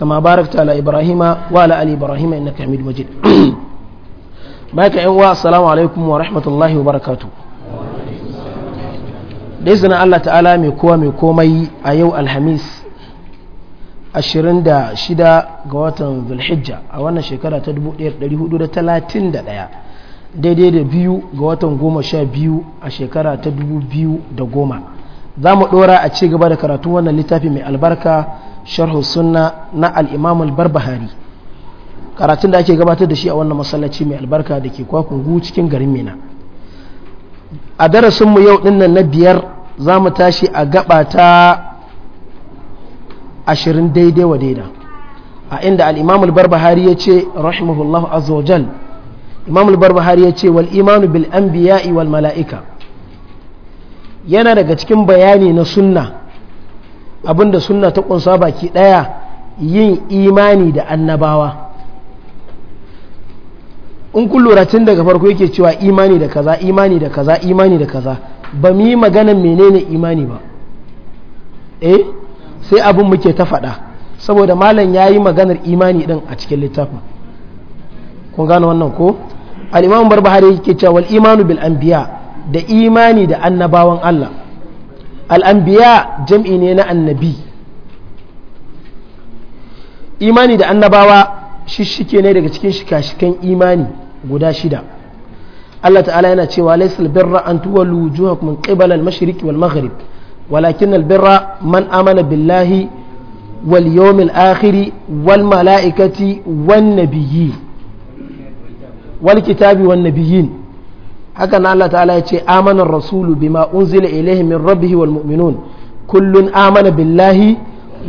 كما باركت على إبراهيم وعلى آل إبراهيم إنك حميد مجيد باك wa السلام عليكم ورحمة الله وبركاته بإذن الله تعالى ميكوى ميكومي أيو الحميس ashirin da shida ga watan zulhijja a wannan shekara ta da talatin daya daidai da biyu ga watan goma sha biyu a shekara ta dubu biyu da goma za mu ɗora a ci gaba da karatu wannan littafi mai albarka sharhu sunna na al-imam al-barbahari karatun da ake gabatar da shi a wannan masallaci mai albarka da ke kwakungu cikin garin mina a darasin mu yau dinnan na biyar za mu tashi a gaba ta ashirin daidai wa daida a inda al-imam al-barbahari ya ce rahimahullahu azza wajal imam al-barbahari ya ce wal imanu bil anbiya'i wal mala'ika yana daga cikin bayani na sunna abinda sunna ta kunsa baki daya yin imani da annabawa in kun lura daga farko yake cewa imani da kaza imani da kaza imani da kaza ba mu yi maganan menene imani ba eh sai abin muke ta faɗa saboda malam ya yi maganar imani ɗin a cikin littafin kun gane wannan ko al'imamu barbahari yake cewa wal imanu bil anbiya da imani da annabawan Allah al'ambiya jam'i ne na annabi imani da annabawa shishike ne daga cikin shika-shikan imani guda shida Allah ta'ala yana cewa laisal birra an tuwalu wujuhakum min qibal al-mashriq wal maghrib walakin al-birra man amana billahi wal yawmil akhir wal mala'ikati wan nabiyyi wal kitabi wan nabiyyin haka na Allah ta'ala ya ce amanar rasulu bima unzila ilaihi min rabbihi wal mu'minun kullun amana billahi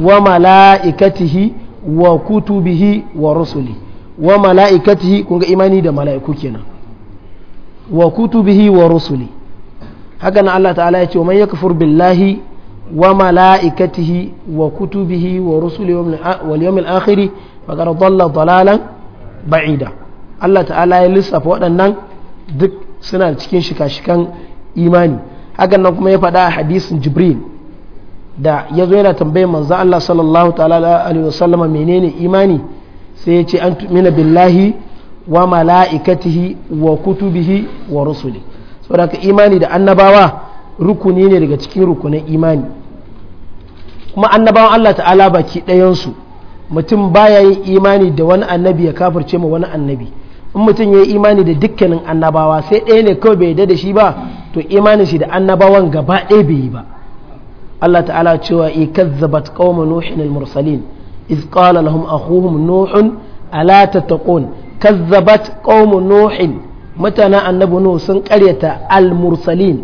wa mala'ikatihi wa kutubihi wa rusuli wa mala'ikatihi kun ga imani da mala'iku kenan wa kutubihi wa rusuli haka Allah ta'ala ya ce man yakfur billahi wa mala'ikatihi wa kutubihi wa rusuli wal yawmil akhir faqad dhalla dhalalan ba'ida Allah ta'ala ya lissafa waɗannan duk suna da cikin shika-shikan imani hakan nan kuma ya faɗa a hadisin jibril da ya zo yana tambayin manzan Allah sallallahu ta'ala alaihi wasallam menene imani sai ya ce an tumina billahi wa mala'ikatihi wa kutubihi wa rusuli saboda imani da annabawa rukuni ne daga cikin rukunin imani kuma annabawan Allah ta'ala baki ɗayansu mutum baya yin imani da wani annabi ya kafirce ma wani annabi in mutum ya yi imani da dukkanin annabawa sai ɗaya ne kawai bai yarda da shi ba to imanin shi da annabawan gaba ɗaya bai yi ba Allah ta'ala cewa i kazzabat qauma nuhin al-mursalin iz qala lahum akhuhum nuhun ala tattaqun kazzabat qauma nuhin mutanen annabi nuhu sun karyata al-mursalin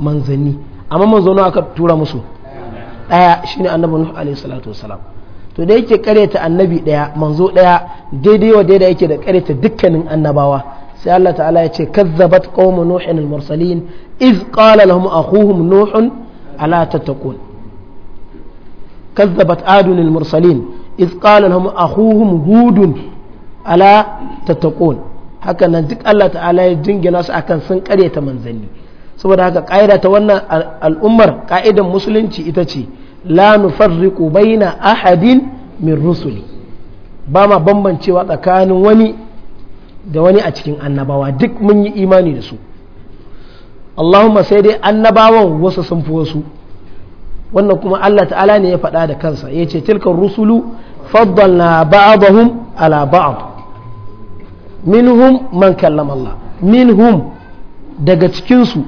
manzanni amma manzo aka tura musu daya shine annabi nuhu alaihi salatu wasalam to da yake karyata annabi daya manzo daya daidai wa daidai yake da karyata dukkanin annabawa sai Allah ta'ala ya ce kazzabat qaumu nuhin al-mursalin iz qala lahum akhuhum nuhun ala tattaqun kazzabat adun al-mursalin iz qala lahum akhuhum hudun ala tattaqun haka nan duk Allah ta'ala ya jingina su akan sun karyata manzanni saboda haka ƙa'ida ta wannan al'ummar ƙa'idan musulunci ita ce la nufarriqu baina ahadin min rusuli ba ma bambancewa tsakanin wani da wani a cikin annabawa duk mun yi imani da su Allahumma sai dai annabawan wasu sun fi wasu wannan kuma Allah ta'ala ne ya faɗa da kansa ya ce tilkan rusulu faddalna ba'dahum ala ba'd minhum man kallama Allah minhum daga cikinsu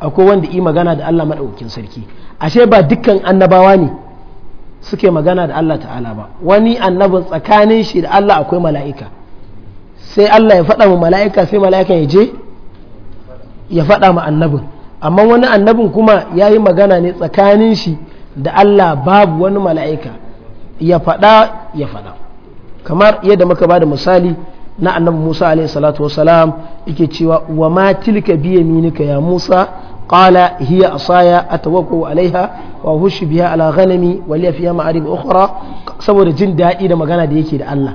akwai wanda yi magana da Allah maɗaukin sarki ashe ba dukkan annabawa ne suke magana da Allah ta'ala ba wani annabin tsakanin shi da Allah akwai mala'ika sai Allah ya faɗa ma mala'ika sai mala'ika ya je ya faɗa ma annabin amma wani annabin kuma ya yi magana ne tsakanin shi da Allah babu wani mala'ika ya faɗa ya faɗa kamar yadda muka ba da misali na annabi Musa alaihi salatu wasalam yake cewa wa ma tilka biya ya Musa قال هي عصايا أتوقع عليها وأهش بها على غنمي ولي فيها معارب أخرى saboda jin daɗi da magana da yake da Allah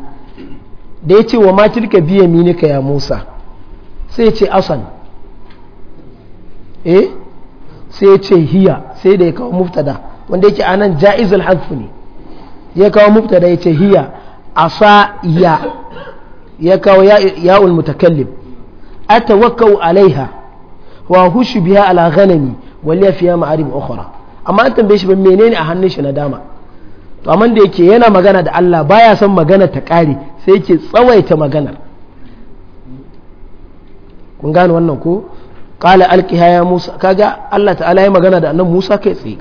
da ya ce wa ma tilka biya minika ya Musa sai ce asan eh sai ya ce hiya sai da ya kawo muftada wanda yake anan ja'izul hadf ne ya kawo muftada ya ce hiya asa ya ya kawo ya ya'ul mutakallim atawakkau alaiha wa hushu biya ala ghanami wal yafiya ma'arib ukhra amma an tambaye shi ba menene a hannun shi na dama to amma da yake yana magana da Allah baya son magana ta kare sai yake tsawaita magana. kun gane wannan ko qala alqiha ya musa kaga Allah ta'ala ya magana da annabi Musa kai tsaye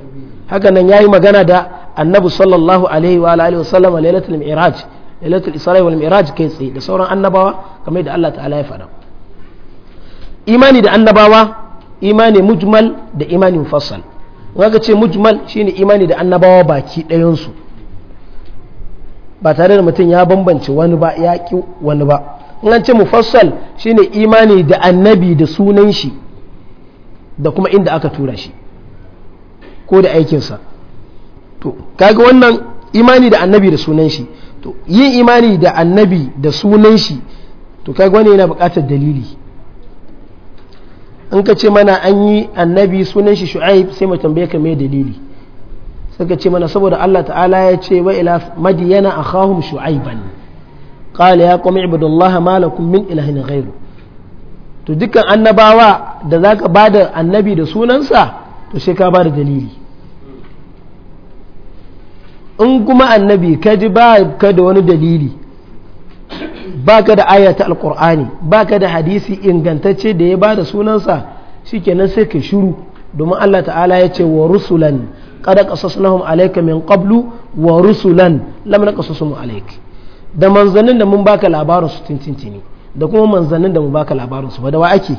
haka nan yayi magana da annabi sallallahu alaihi wa alihi wa sallam lailatul mi'raj lailatul isra'i wal mi'raj kai tsaye da sauran annabawa kamar da Allah ta'ala ya faɗa imani da annabawa imani mujmal da imani mufassal ga ce mujmal shine imani da annabawa baki ɗayansu ba tare da mutum ya bambance wani ba ya ƙi wani ba in an ce mufassal shine imani da annabi da sunan shi da kuma inda aka tura shi ko da aikinsa to kaga wannan imani da annabi da sunan shi to yin imani da annabi da sunan shi to kaga wani yana buƙatar dalili in ka ce mana an yi annabi sunan shi shu'aib sai mu tambaye ka mai dalili ka ce mana saboda Allah ta'ala ya ce wa ila madiyana akhahum shu'aiban qala ya qum ibudullaha ma lakum min ilahin ghairu to dukkan annabawa da zaka bada annabi da sunansa to sai ka bada dalili in kuma annabi ka ji ba ka da wani dalili baka da ayata alkur'ani baka da hadisi ingantacce da ya bada sunansa shikenan sai ka shiru domin Allah ta'ala ya ce wa rusulan qad qasasnahum alayka min qablu wa rusulan lam naqasasum alayk da manzannin da mun baka labarin su tintintini da kuma manzannin da mun baka labarin su ba da wa ake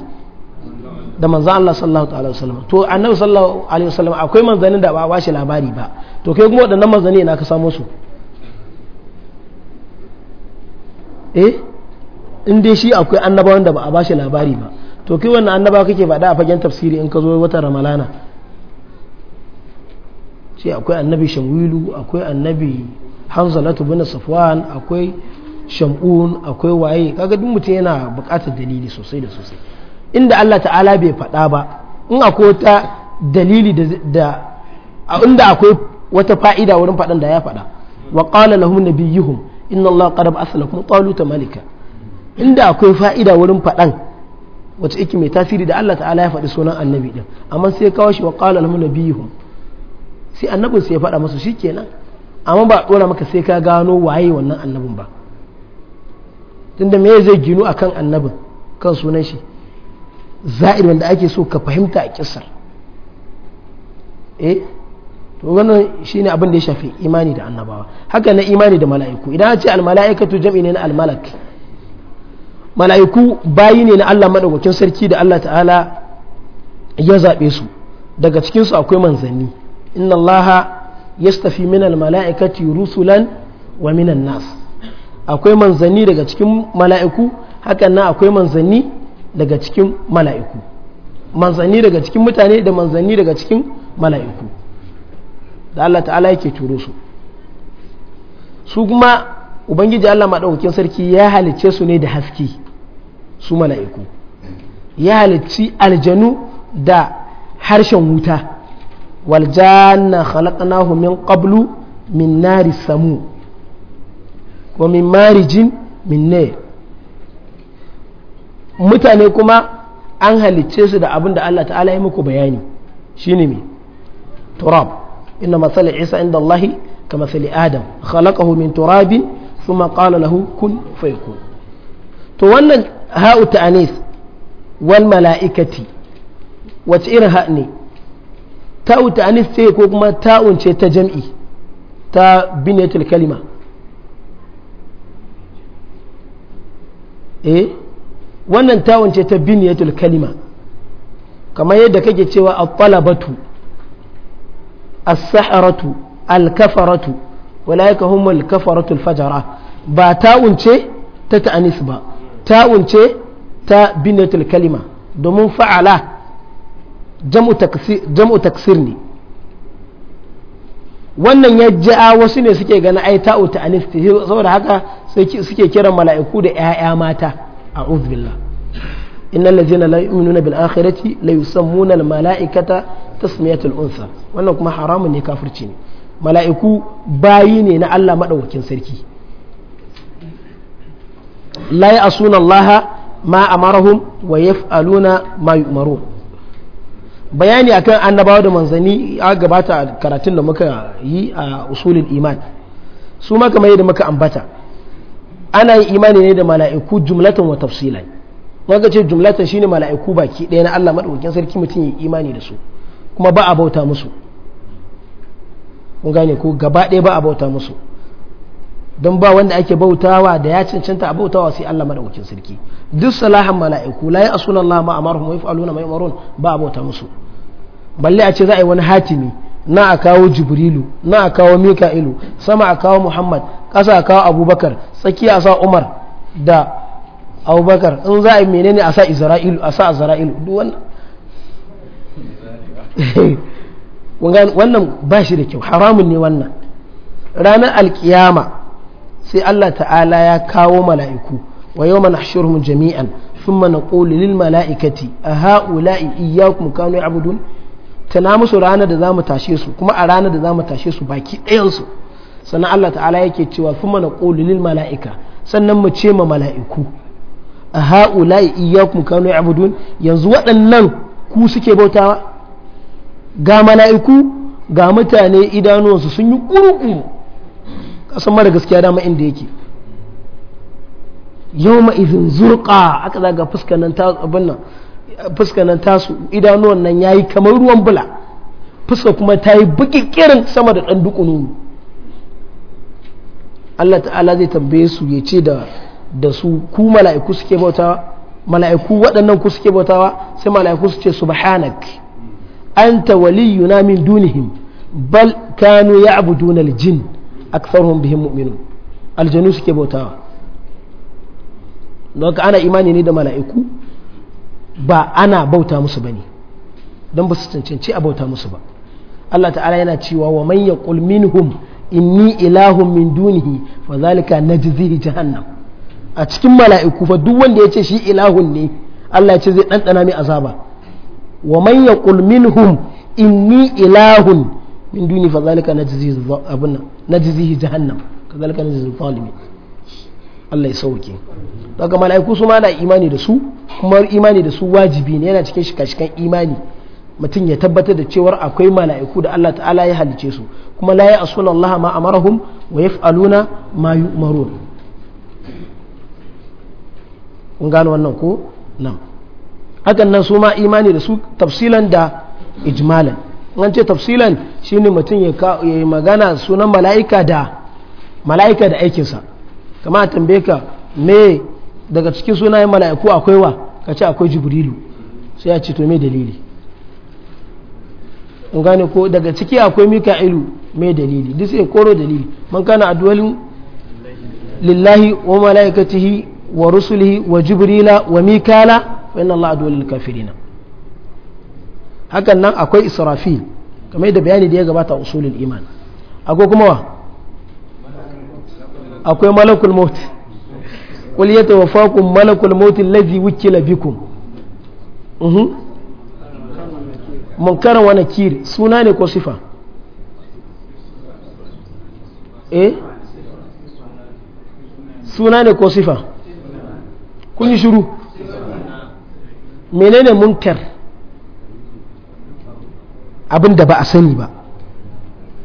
da manzan Allah sallallahu ta'ala sallam to annabi sallallahu alaihi wasallam akwai manzannin da ba a labari ba to kai kuma waɗannan manzanni ina ka samo su eh in dai shi akwai annaba wanda ba a ba shi labari ba to kai wannan annaba kake faɗa a fagen tafsiri in ka zo wata ramalana sai akwai annabi shamwilu akwai annabi hanzalatu bin safwan akwai shamun akwai waye kaga duk mutum yana buƙatar dalili sosai da sosai inda Allah ta'ala bai faɗa ba in akwai wata dalili da inda akwai wata fa'ida wurin faɗan da ya faɗa wa qala lahum nabiyuhum inna Allah asala kuma lakum taluta malika inda akwai fa'ida wurin faɗan wace yake mai tasiri da Allah ta'ala ya faɗi sunan annabi din amma sai kawo shi wa qala lahum nabiyuhum sai annabin sai ya faɗa musu shikenan amma ba ɗora maka sai ka gano waye wannan annabin ba tunda me zai ginu akan annabin kan sunan shi za'ir wanda ake so ka fahimta a kissar eh to wannan shine abin da ya shafi imani da annabawa haka na imani da mala'iku idan a ce almala'ikatu jam'i ne na almalak mala'iku bayi ne na Allah madaukakin sarki da Allah ta'ala ya zaɓe su daga cikin su akwai manzanni inna Allah yastafi min almala'ikati rusulan wa minan nas akwai manzanni daga cikin mala'iku hakan nan akwai manzanni daga cikin mala'iku manzanni daga cikin mutane da manzanni daga cikin mala'iku da Allah ta'ala yake turo su su kuma ubangiji Allah maɗaukakin sarki ya halicce su ne da haske su mala'iku ya halicci aljanu da harshen wuta waljanna khalaqnahu min qablu min nari samu wa min marijin min ne mutane kuma an halicce su da abin da Allah ta'ala ya muku bayani shine me turab إن مثل عيسى عند الله كمثل آدم خلقه من تراب ثم قال له كن فيكون تولى هاء تأنيث والملائكة وتئر هأني تاء تأنيث تيكو كما تاء تجمعي تاء بنية الكلمة eh wannan tawon ce ta biniyatul kalima kamar yadda kake cewa at-talabatu as-sahratu al-kafaratu walaika humul kafaratu al-fajara ba taunce ta ta'anis ba taunce ta binatul kalima domin fa'ala jam'u taksir ne wannan ya ja'a wasu ne suke ganin ai ta'u ta'anis saboda haka suke kiran mala'iku da 'ya'ya mata a billah إن الذين لا يؤمنون بالآخرة لا يسمون الملائكة tasmiyatul unsa wannan kuma haramun ne kafirci ne mala'iku bayi ne na Allah madaukakin sarki la ya'suna Allah ma amarahum wa yaf'aluna ma yumaru bayani akan annabawa da manzani a gabata a karatun da muka yi a usulul iman su ma kamar yadda muka ambata ana yin imani ne da mala'iku jumlatan wa tafsilan wanda ce jumlatan shine mala'iku baki ɗaya na Allah madaukakin sarki mutum yi imani da su kuma ba a bauta musu kun gane ko gaba ɗaya ba a bauta musu don ba wanda ake bautawa da ya cancanta a bautawa sai Allah madaukakin sarki duk salahan mala'iku la ya'suna Allah ma amaruhum wa yaf'aluna ma yu'marun ba a bauta musu balle a ce za a yi wani hatimi na a kawo jibrilu na a kawo mika'ilu sama a kawo muhammad ƙasa a kawo abubakar tsakiya a sa umar da abubakar in za a yi menene a sa isra'ilu a sa azra'ilu wannan ba shi da kyau haramun ne wannan ranar alkiyama sai Allah ta'ala ya kawo mala'iku wa yau mana shirhun jami'an sun mana ƙoli lil mala'ikati a ha'ula'i iyakun kanu abudun na musu ranar da za mu tashe su kuma a ranar da za mu tashe su baki ɗayansu sannan Allah ta'ala yake cewa sun mana ƙoli lil mala'ika sannan mu ce ma mala'iku a ha'ula'i kano kanu abudun yanzu waɗannan ku suke bautawa ga mala'iku ga mutane idanuwansu sun yi ƙuruƙu kasan mara gaskiya dama inda yake yau ma'izin zurƙa aka zaga fuska nan tasu idanuwan nan ya yi kamar ruwan bula fuska kuma ta yi bukikirin sama da ɗan dukunu Allah ta'ala zai tambaye su ya ce da su ku mala'iku suke bautawa mala'iku waɗannan ku suke bautawa sai mala'iku su ce subhanak anta waliyuna min dunihim bal kanu ya'buduna aljin aktharuhum bihim mu'minun aljanu suke bautawa don ana imani ne da mala'iku ba ana bauta musu bane don ba su cancanci a bauta musu ba Allah ta'ala yana cewa wa man yaqul minhum inni ilahun min dunihi fa zalika ta jahannam a cikin mala'iku fa duk wanda ya ce shi ilahun ne Allah ya ce zai ɗanɗana mai azaba wa man yaqul minhum inni ilahun min duni fa zalika najzihi abuna najzihi jahannam kazalika najzi zalimin Allah ya sauke daga mala'iku su ma na imani da su kuma imani da su wajibi ne yana cikin shika shikan imani mutum ya tabbatar da cewar akwai mala'iku da Allah ta'ala ya halice su kuma layi ya asuna Allah ma amarahum wa yaf'aluna ma yu'marun kun gane wannan ko nan hakan nan su ma imani da su tafsilan da ijmalan an ce tafsilan shine mutum ya yi magana sunan mala'ika da mala'ika da aikinsa kama a tambaye ka me daga cikin sunayen mala'iku akwai wa ka ce akwai jibrilu sai ya ce to me dalili in gane ko daga ciki akwai mika'ilu me dalili duk sai koro dalili man kana addu'alin lillahi wa mala'ikatihi wa rusulihi wa jibrila wa mikala wa inna Allah adu hakan nan akwai israfil kamar da bayani da ya gabata usulul iman akwai kuma wa akwai malakul maut qul yatawaffakum malakul maut allazi wukila bikum uhu munkara wa nakir suna ne ko sifa eh suna ne ko sifa kun yi shiru menene munkar abin da ba a sani ba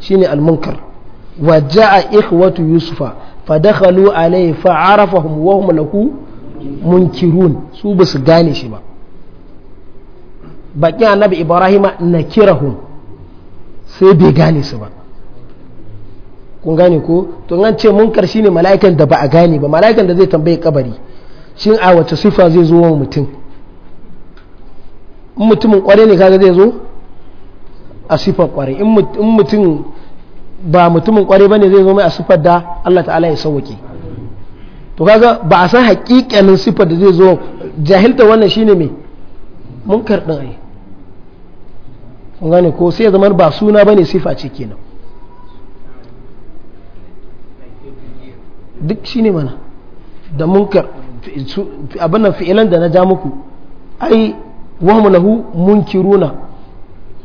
shine almunkar munkar wa ja'a ikhwatu yusufa fa dakhalu alayhi fa arafahum wa hum lahu munkirun su ba su gane shi ba bakin annabi ibrahima nakirahum sai bai gane su ba kun gane ko to an ce munkar shine mala'ikan da ba a gane ba mala'ikan da zai tambaye kabari shin a wace sifa zai zo wa mutum in mutumin kware ne kaga zai zo a sifar kware in mutum ba mutumin kware ba ne zai zo mai a sifar da Allah ta'ala ya sauwake to kaga ba a san hakikanin sifar da zai zo jahilta wannan shine mai munkar din ai kun gane ko sai ya zama ba suna bane siffa ce kenan duk shine mana da munkar abin nan fi'ilan da na ja muku ai wahum lahu munkiruna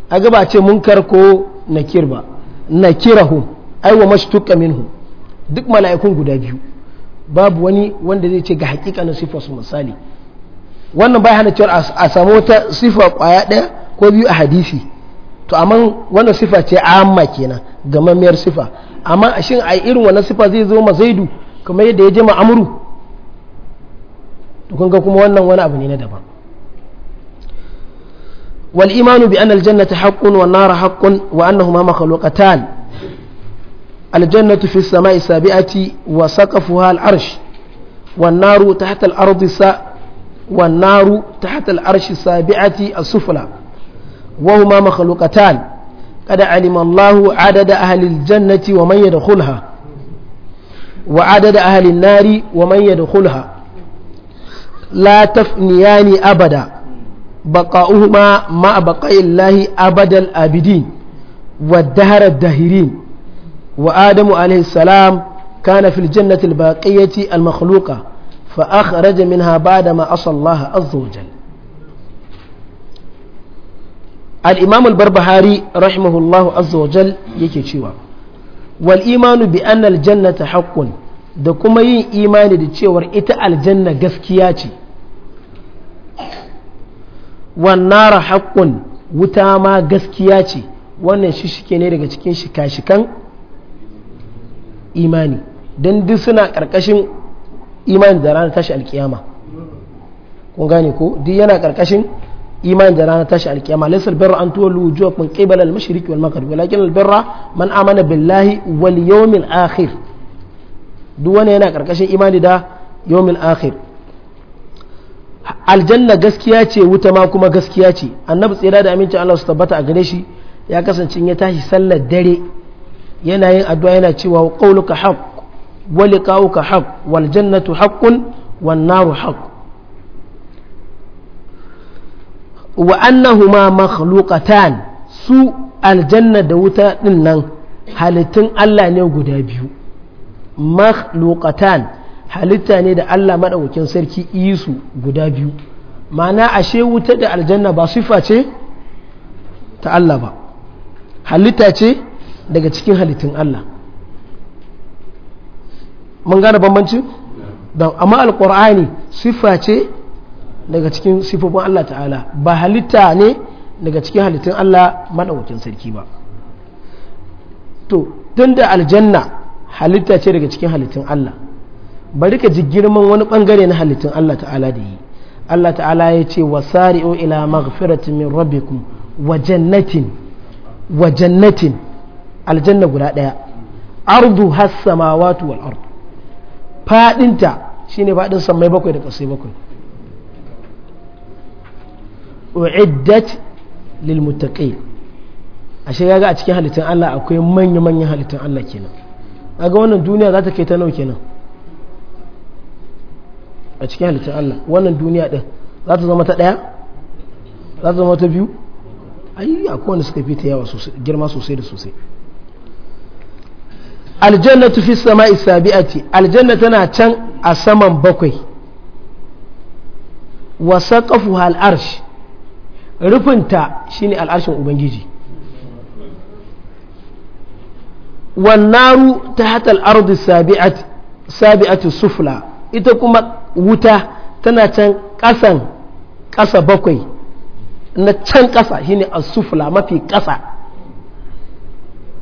a ba ce munkar ko nakir ba nakirahum ai wa mashtuqa minhum duk mala'ikun guda biyu babu wani wanda zai ce ga hakikanin sifar su misali wannan bai hana cewa a samu wata sifa kwaya ɗaya ko biyu a hadisi to amma wannan sifa ce amma kenan mamiyar sifa amma shin a irin wannan sifa zai zo mazaidu kamar yadda ya je amuru to kuma wannan wani abu ne na daban والإيمان بأن الجنة حق والنار حق وأنهما مخلوقتان الجنة في السماء السابعة وسقفها العرش والنار تحت الأرض س... والنار تحت العرش السابعة السفلى وهما مخلوقتان قد علم الله عدد أهل الجنة ومن يدخلها وعدد أهل النار ومن يدخلها لا تفنيان أبدا بقاؤهما مع بقاء الله أبد الآبدين والدهر الداهرين وآدم عليه السلام كان في الجنة الباقية المخلوقة فأخرج منها بعدما عصى الله عز وجل الإمام البربهاري رحمه الله عز وجل يكي والإيمان بأن الجنة حق da kuma yin imani da cewar ita aljanna gaskiya ce wannan haƙƙun wuta ma gaskiya ce wannan shishike ne daga cikin shika-shikan imani don duk suna ƙarƙashin imani da ranar tashi alkiyama kun gane ko duk yana ƙarƙashin imani da ranar tashi alkiyama laysal birra an tuwallu wujuhakum qibala al-mashriqi wal maghrib walakin al-birra man amana billahi wal yawmil akhir duk wani yana ƙarƙashin imani da yawmil akhir aljanna gaskiya ce wuta ma kuma gaskiya ce annabi tsira da amincin Allah su tabbata a gare shi ya kasance ya tashi sallar dare yana yin addu'a yana cewa qauluka haqq wa liqa'uka haqq wal jannatu haqqun wan naru haqq wa annahuma makhluqatan su aljanna da wuta din nan halittun Allah ne guda biyu makhluqatan halitta ne da Allah maɗaukakin sarki isu guda biyu ma'ana ashe wuta da aljanna ba sifa ce ta Allah ba halitta ce daga cikin halittun Allah mun gane bambanci don amma alƙur'ani sifa ce daga cikin sifofin Allah ta'ala ba halitta ne daga cikin halittun Allah maɗaukakin sarki ba to tun da aljanna halitta ce daga cikin halittun Allah bari ka ji girman wani bangare na halittun Allah ta'ala da yi Allah ta'ala ya ce wa sari'u ila maghfirati min rabbikum wa jannatin wa jannatin aljanna guda daya ardu has samawati wal ard fadinta shine fadin samai bakwai da kasai bakwai uiddat lil muttaqin ashe kaga a cikin halittun Allah akwai manya manyan halittun Allah kenan kaga wannan duniya za ta kai ta nau kenan a cikin halittar Allah wannan duniya din za ta zama ta ɗaya za ta zama ta biyu ai akwai wanda suka fi ta yawa girma sosai da sosai aljannatu fi sama'i sabi'ati aljanna tana can a saman bakwai wa saqafuha al'arsh rufinta shine al'arshin ubangiji wannaru ta tahta ardu sabi'ati sabi'atu sufla ita kuma wuta tana can ƙasan ƙasa bakwai na can ƙasa ne asufula mafi ƙasa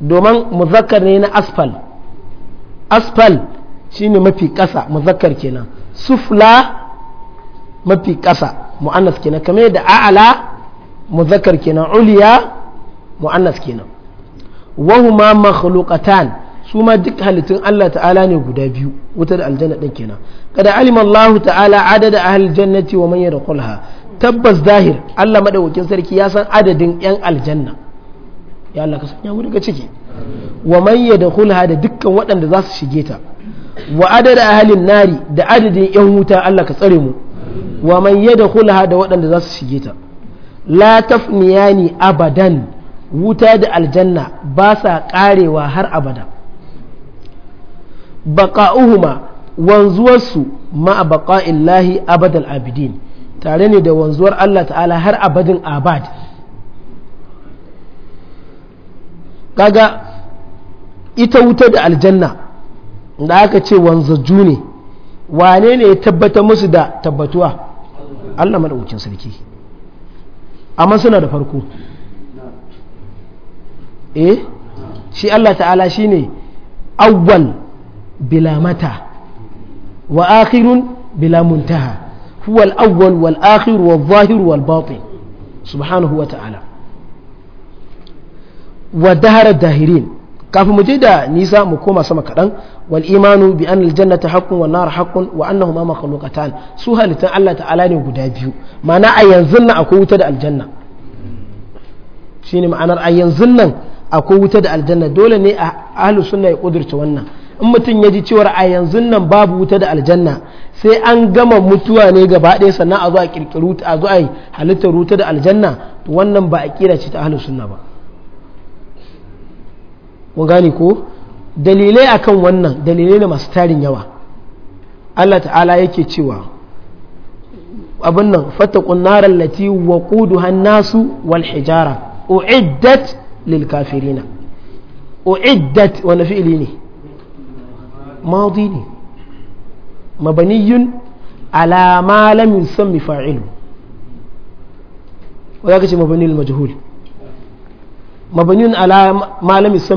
domin muzakkar ne na asfal asfal ne mafi ƙasa muzakkar kenan sufla mafi ƙasa mu'annas kenan kamar da a'ala muzakkar kenan uliya mu'annas kenan wahuma makhluqatan su ma duk halittun Allah ta'ala ne guda biyu wuta da aljanna ɗin kenan kada alim Allah ta'ala adada ahli jannati wa man yadkhulha tabbas zahir Allah madawakin sarki ya san adadin yan aljanna ya Allah ka sanya mu daga ciki wa man yadkhulha da dukkan waɗanda za su shige ta wa adada ahlin nari da adadin yan wuta Allah ka tsare mu wa man yadkhulha da waɗanda za su shige ta la tafniyani abadan wuta da aljanna ba sa karewa har abada baqa'uhuma wanzuwarsu ma a lahi abadal abidin tare ne da wanzuwar Allah ta'ala har abadin abad kaga ita wuta da aljanna da aka ce wanzaju ne wane ne ya tabbata musu da tabbatuwa Allah maɗaukacin sarki amma suna da farko eh shi Allah ta'ala shi ne awwal bila mata wa akhirun bila muntaha huwa al-awwal wal akhir wal zahir wal batin subhanahu wa ta'ala wa dahara dahirin kafin muje da nisa mu koma sama kaɗan wal imanu bi an aljannata haqqun wan nar haqqun wa annahuma makhluqatan su halittan Allah ta'ala ne guda biyu ma'ana a nan akwai wuta da aljanna shine ma'anar a nan akwai wuta da aljanna dole ne a sunna ya kudurta wannan in mutum ya ji cewar a yanzu nan babu wuta da aljanna sai an gama mutuwa ne gaba ɗaya sannan a zo a kirkiru a zo a yi halittar wuta da aljanna to wannan ba a ƙira ce ta ahlus sunna ba mun gane ko dalilai akan wannan dalilai na masu tarin yawa Allah ta'ala yake cewa abin nan fata narar lati wa kuduhan nasu wal hijara u'iddat lil kafirina u'iddat wani fi'ili ne madi ne mabaniyun ala ma lam yusammi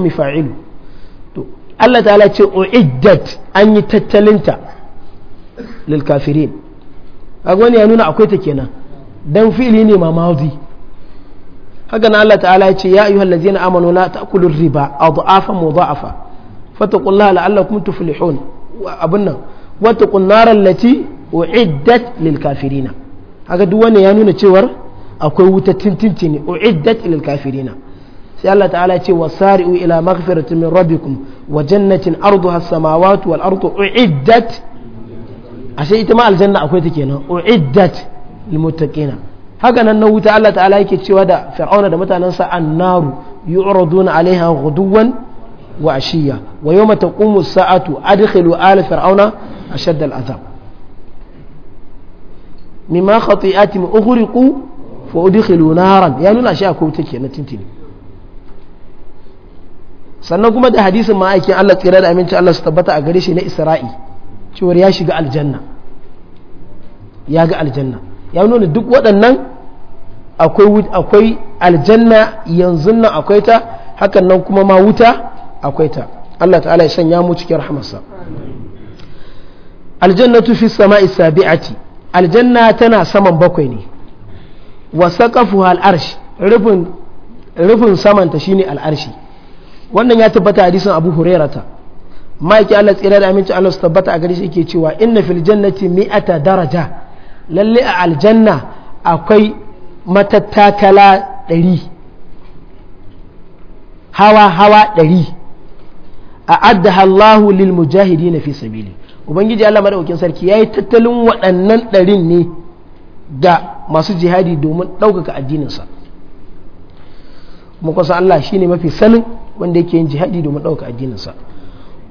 fa'ilu Allah ta'ala ce uiddat an yi tattalinta lil kafirin kaga wani ya nuna akwai ta kenan dan fi'ili ne ma madi haka na Allah ta'ala ya ce ya ayyuhallazina amanu la ta'kulu riba adhafan mudha'afa fattaqullaha la'allakum tuflihun abin nan wattaqun naral lati uiddat lil kafirina haka duk ya nuna cewar akwai wuta tintinci ne uiddat lil kafirina sai Allah ta'ala ya ce wasari'u ila maghfiratin min rabbikum wa jannatin arduha as-samawati wal ardu uiddat ashe ita ma aljanna akwai ta kenan uiddat lil muttaqina haka nan na wuta Allah ta'ala yake cewa da fir'auna da mutanansa annaru yu'raduna alaiha ghuduwan وعشية ويوم تقوم الساعة أدخلوا آل فرعون أشد العذاب مما خطيئاتهم أغرقوا فأدخلوا نارا يعني لا شيء أكو تكي نتنتني sannan kuma da hadisin ma'aikin Allah tsira da aminci Allah su tabbata a gare shi na Isra'i cewar ya shiga aljanna ya ga aljanna ya nuna duk waɗannan akwai aljanna yanzu nan akwai ta hakan nan kuma ma wuta akwai ta Allah ta'ala ya sanya mu cikin rahmarsa aljannatu fi sama'i sabi'ati aljanna tana saman bakwai ne wa saqafuha al'arsh rufin rufin saman ta shine al'arshi wannan ya tabbata hadisin Abu Hurairata ma'aiki Allah tsira da aminci Allah su tabbata a gare shi yake cewa inna fil jannati mi'ata daraja lalle a aljanna akwai matattakala ɗari hawa hawa ɗari a'addaha Allahu lil mujahidin fi sabili ubangiji Allah madaukakin sarki yayi tattalin waɗannan ɗarin ne da masu jihadi domin ɗaukaka addininsa kuma kusa Allah shine mafi sanin wanda yake yin jihadi domin ɗaukaka addininsa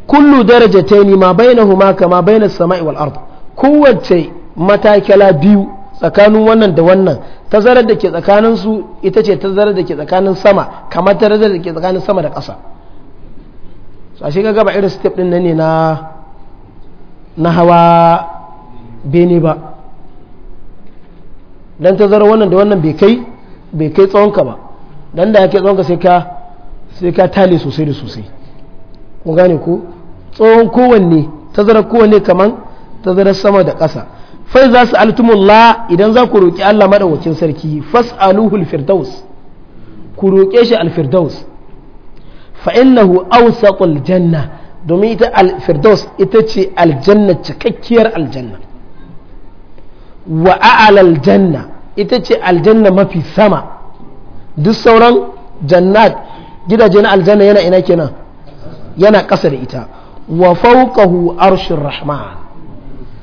kullu darajataini ma bainahuma kama bainas sama'i wal ard kowace matakala biyu tsakanin wannan da wannan tazarar da ke tsakanin su ita ce tazarar da ke tsakanin sama kamar tazarar da ke tsakanin sama da ƙasa so ashe kaga gaba irin step din nan ne na na hawa bene ba don ta zara wannan da wannan bai kai bai kai tsawonka ba don da yake tsawonka sai ka sai ka tali sosai da sosai kun gane ko tsawon kowanne ta zara kowanne kaman zara sama da ƙasa fai za su la idan za ku roƙi Allah madawacin sarki fas'aluhul firdaus ku roƙe shi alfirdaus fa'innahu awsaqul janna domin ita al-firdaus ita ce aljanna cikakkiyar aljanna wa a'lal janna ita ce aljanna mafi sama duk sauran jannat gidaje na aljanna yana ina kenan yana ƙasa da ita wa fawqahu arshur rahman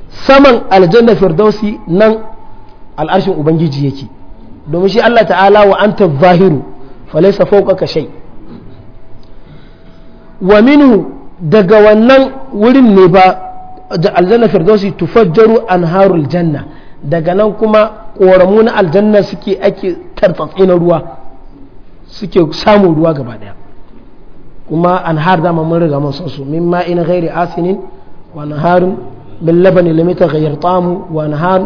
saman aljanna firdausi nan al'arshin ubangiji yake domin shi Allah ta'ala wa anta zahiru falaysa fawqaka shay' wa daga wannan wurin ne ba da aljanna firdausi tufajjaru anharul janna daga nan kuma ƙoramu na aljanna suke ake tartatsi na ruwa suke samun ruwa gaba daya kuma anhar dama mun riga mun san su min ma'in ghairi asinin wa naharun min labanin lam yataghayyar ta'amu wa nahar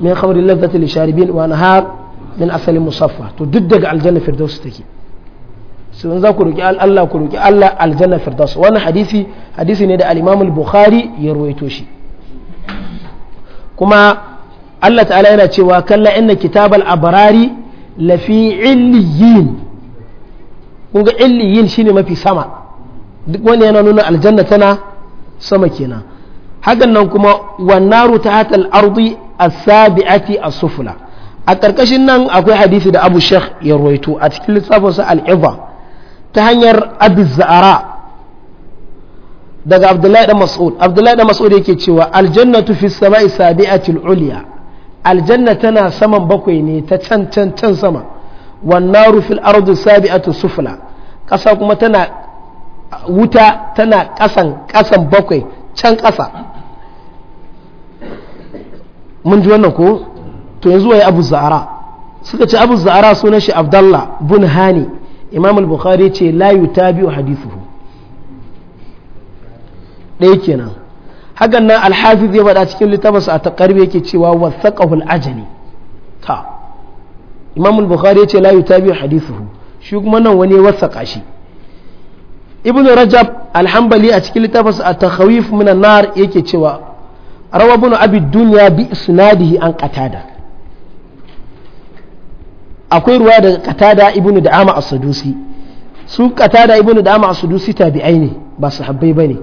min khamrin ladzati lisharibin wa nahar min asalin musaffa to duk daga aljanna firdausi take su za ku roki Allah ku roki Allah aljanna firdaus wannan hadisi hadisi ne da al-Imam al-Bukhari ya rawaito shi kuma Allah ta'ala yana cewa kalla inna kitabal abrari lafi illiyin kun ga illiyin shine mafi sama duk wani yana nuna aljanna tana sama kenan hakan nan kuma wannaru ta hatal ardi as-sabi'ati as-sufla a karkashin nan akwai hadisi da Abu Sheikh ya rawaito a cikin littafinsa al-Iba ta hanyar abu za'ara daga abdullahi dan mas'ud abdullahi dan mas'ud yake cewa aljannatu fi sama'i sabi'atil ulya aljanna tana saman bakwai ne ta can can can sama wan naru fil ardi sabi'atu sufla kasa kuma tana wuta tana kasan kasan bakwai can kasa mun ji wannan ko to yanzu waye abu za'ara suka ce abu za'ara sunan shi abdallah bun hani imam al-bukhari ce la yutabi'u hadithuhu ɗaya kenan hakan nan al zai bada faɗa cikin littafinsa a taqarib yake cewa wasaqahu al-ajali ta imam al-bukhari ya ce la yutabi'u hadithuhu shi kuma nan wani wasaqa shi ibn rajab alhambali a cikin littafinsa a takhawif min an-nar yake cewa rawa ibn abi dunya bi isnadihi an qatada akwai ruwa daga katada ibnu da'ama as-sadusi su katada ibnu da'ama as-sadusi tabi'ai ne ba su ba bane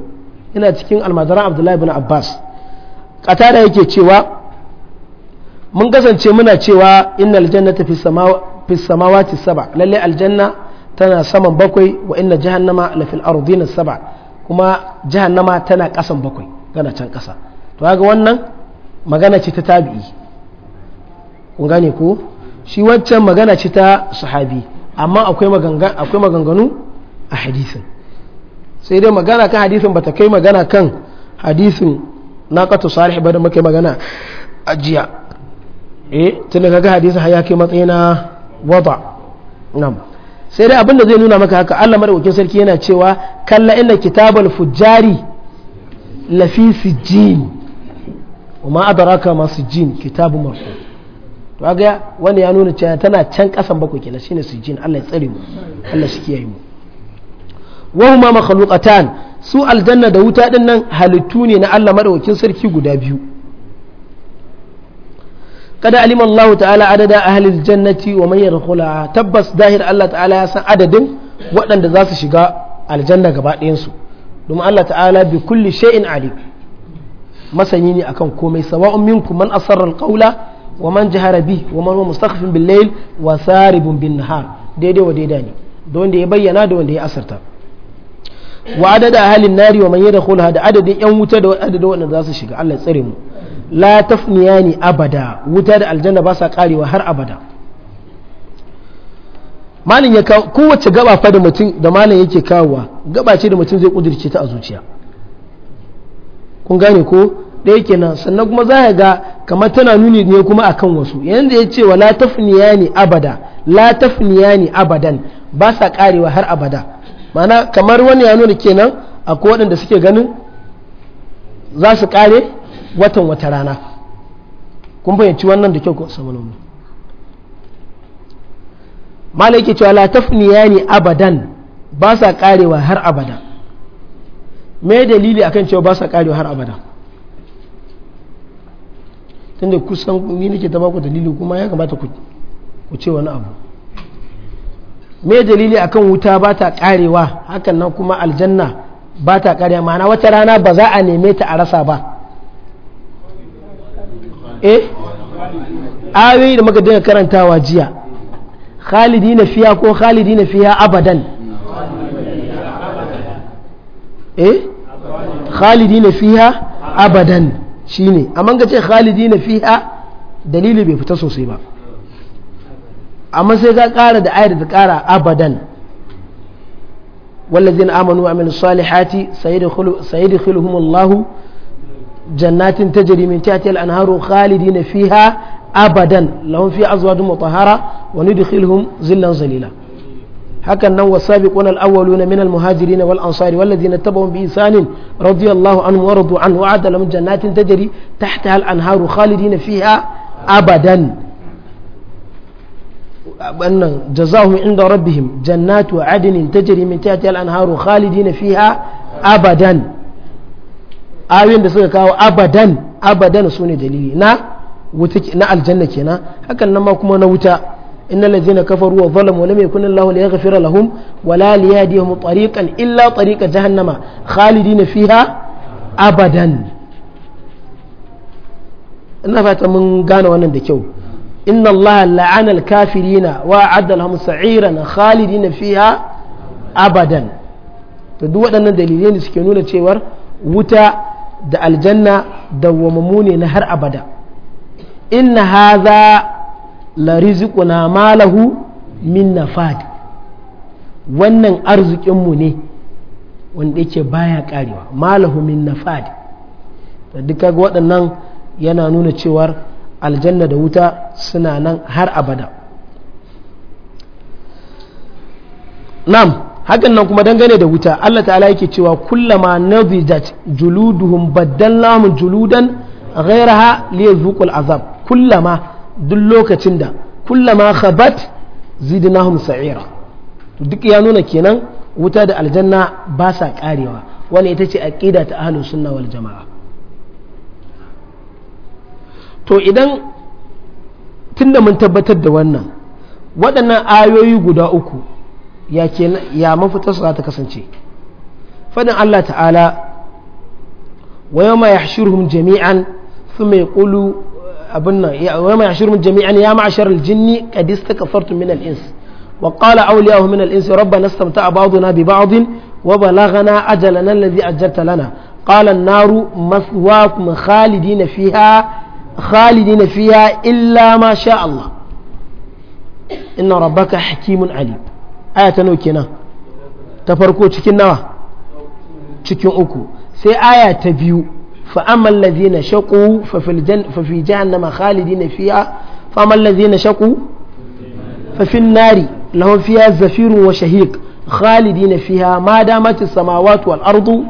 yana cikin almadaran abdullahi ibn abbas katada yake cewa mun kasance muna cewa inna jannata fi samawa fi samawati sab'a lalle aljanna tana saman bakwai wa inna jahannama la fil ardina sab'a kuma jahannama tana kasan bakwai gana can kasa to kaga wannan magana ce ta tabi'i kun gane ko shi wancan magana ce ta sahabi amma akwai maganganu a hadisin sai dai magana kan hadisin bata kai magana kan hadisin na kato salih ba da muke magana a jiya eh tunda kaga hadisin har ya kai matsayi na wada nam sai dai abinda zai nuna maka haka Allah madaukakin sarki yana cewa kalla inna kitabal fujjari lafi kuma وما أدراك ما سجين كتاب مرفوع ga wani ya nuna cewa tana can kasan bakwai kenan shine jin Allah ya tsare mu Allah shi kiyaye mu wa huma makhluqatan su aljanna da wuta din nan halittu ne na Allah madaukakin sarki guda biyu kada alima Allah ta'ala adada ahli aljannati wa man yadkhula tabbas zahir Allah ta'ala ya san adadin waɗanda za su shiga aljanna gaba ɗayan su domin Allah ta'ala bi kulli shay'in alim masani ne akan komai sawa'un minkum man asarra alqawla ومن جهر به ومن هو مستخف بالليل وسارب بالنهار ديدي وديداني دون دي يبينا دون دي أسرتا وعدد أهل النار ومن يدخل هذا عدد يوم وتد وعدد وأن ذا سشجع الله يسرم لا تفنياني أبدا وتد الجنة بس قالي وهر أبدا malin ya kawo kowace gaba fa da mutum da malin yake kawowa gaba ce da mutum zai kudirce ta a kun gane ko ɗaya kenan sannan kuma za ga kamar tana nuni ne kuma akan wasu yanzu ya ce wa la tafniya ne abada la tafniya ne abadan ba sa karewa har abada mana kamar wani ya nuna kenan akwai waɗanda suke ganin za su kare watan wata rana kun fahimci wannan da kyau ko samu nuna mana yake cewa la tafniya ne abadan ba sa karewa har abada me dalili akan cewa ba sa karewa har abada tunda kusan ni nake ta baku dalili kuma ya kamata ku ce wani abu me dalili akan wuta ba ta karewa hakan nan kuma aljanna ba ta karewa ma'ana wata rana ba za a neme ta a rasa ba eh ayoyi da muka dinga karantawa jiya khalidi na fiya ko khalidi na fiya abadan eh khalidi na fiya abadan shi ne amma ga ce khalidi na fiha dalili bai fita sosai ba amma sai ka kara da ayar ta kara abadan wallazin amanu amil salihati sayyidu khuluhum allah jannatin tajri min tahti al anharu khalidina fiha abadan lahum fiha azwajun mutahhara wa nudkhiluhum zillan zalila hakan nan wasabiquna al awwaluna min al muhajirin wal ansari wallazina tabawu bi isanin رضي الله عنه ورضوا عنه وعد لهم جنات تجري تحتها الأنهار خالدين فيها أبدا أن جزاهم عند ربهم جنات وعدن تجري من تحتها الأنهار خالدين فيها أبدا ayoyin da suka kawo abadan abadan su ne dalili na na aljanna kenan hakan nan ma kuma na wuta إن الذين كفروا وظلموا ولم يكن الله ليغفر لهم ولا ليهديهم طريقا إلا طريق جهنم خالدين فيها أبدا ina fata mun gane wannan da kyau inna Allah la'ana kafirina wa adda lahum sa'iran khalidina fiha abadan to duk waɗannan dalilai ne suke nuna cewar wuta da aljanna dawwamamu na har abada inna hadha la malahu min nafad wannan arzikinmu ne wanda yake baya karewa malahu min nafad duk kaga waɗannan yana nuna cewar aljanna da wuta suna nan har abada nam hakan nan kuma dangane da wuta Allah ta'ala yake cewa kullama nadijat juluduhum baddalnahum juludan ghayraha liyazuqul azab kullama duk lokacin da kullama khabat zidnahum sa'ira to duk ya nuna kenan wuta da aljanna ba sa karewa wani ita ce aqida ta ahlus sunna wal jamaa to idan tunda mun tabbatar da wannan waɗannan ayoyi guda uku ya kenan ya za ta kasance fadin Allah ta'ala wa yawma yahshuruhum jami'an thumma yaqulu abin nan ya mai ashirin jami'an ya ma'ashar al-jinni qad istakafartum min al-ins wa qala awliyahu min al-ins rabbana istamta'a ba'duna bi ba'd wa ajala ajalana alladhi ajjalta lana qala an-naru maswaakum khalidina fiha khalidina fiha illa ma sha Allah inna rabbaka hakimun ali. aya ta nawa na ta farko cikin nawa cikin uku sai aya ta biyu فأما الذين شقوا ففي, الجن ففي جهنم خالدين فيها فأما الذين شقوا ففي النار لهم فيها زفير وشهيق خالدين فيها ما دامت السماوات والأرض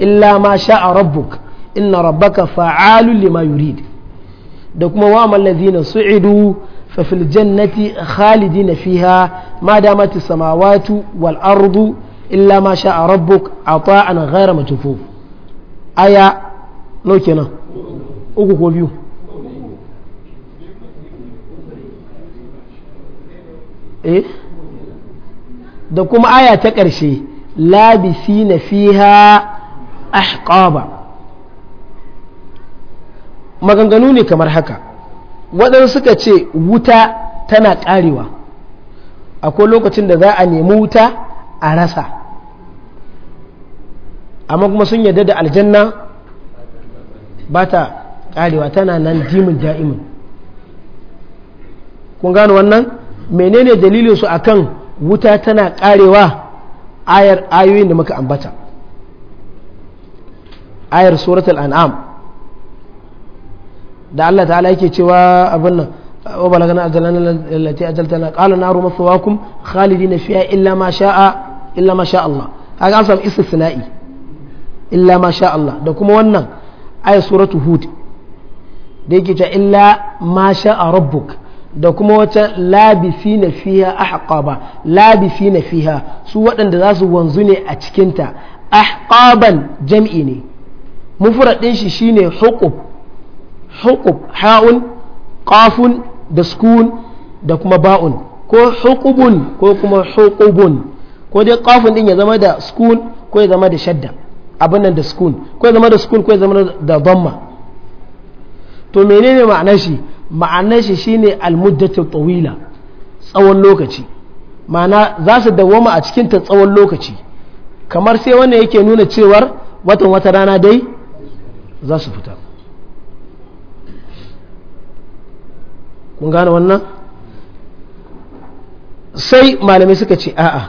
إلا ما شاء ربك إن ربك فعال لما يريد دكما وأما الذين صعدوا ففي الجنة خالدين فيها ما دامت السماوات والأرض إلا ما شاء ربك عطاء غير مجفوف آية nau kenan uku ko biyu eh? da kuma aya ta ƙarshe labisi na fi ha ahqaba maganganu ne kamar haka waɗanda suka ce wuta tana ƙarewa akwai lokacin da za a nemi wuta a rasa amma kuma sun yarda da aljanna bata karewa tana nan jimin ja'imin kun gane wannan menene dalilin su akan wuta tana karewa ayar ayoyin da muka ambata ayar surat al’an’am da Allah ta'ala ake cewa abin nan wa balaga na ajalan lalati ajaltana qala naru mathwaakum khalidina fiha illa ma sha'a illa ma sha Allah kaga an samu istisnai illa ma sha Allah da kuma wannan aya suratu hud da yake ta illa ma sha'a rabbuk da kuma wata labisi na fiha ahqaba labisi na fiha su waɗanda za su wanzu ne a cikinta ahqaban jam'i ne mufradin shi shine huqub huqub ha'un qafun da sukun da kuma ba'un ko huqubun ko kuma huqubun ko dai qafun ɗin ya zama da sukun ko ya zama da shadda abin nan da sukun ko ya zama da sukun ko ya zama da dhamma to menene ma'anar shi ma'anar shi shine almuddatu tawila tsawon lokaci ma'ana za su dawwama a cikin ta tsawon lokaci kamar sai wannan yake nuna cewar watan wata rana dai za su fita kun gane wannan sai malamai suka ce a'a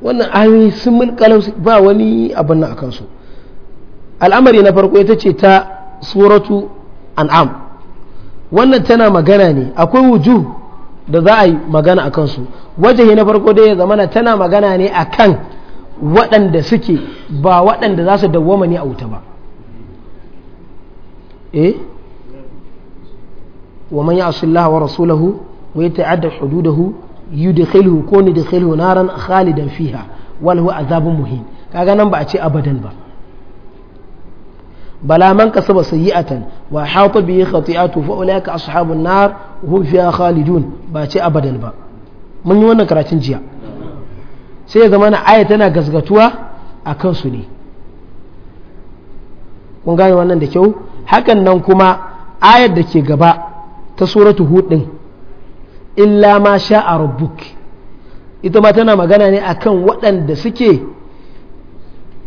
wannan ayoyi sun mun ba wani abin nan a kansu al'amari na farko ita ce ta suratu an'am wannan tana magana ne akwai wuju da za a yi magana a kansu wajahi na farko dai ya zamana tana magana ne a kan waɗanda suke ba waɗanda za su dawwama ne a wuta ba eh wa man ya'si Allah wa rasulahu wa yata'adda hududahu yudkhiluhu ko nudkhiluhu naran khalidan fiha wal huwa azabun muhin kaga nan ba a ce abadan ba بلا من كسب سيئة وحاط به خطيئته فأولئك أصحاب النار وهم فيها خالدون باتي أبدا با من يوانا كراتين جيا sai zamana aya tana gasgatuwa a kansu ne kun gane wannan da kyau hakan nan kuma ayar da ke gaba ta suratu illa ma a ita ma tana magana ne akan waɗanda suke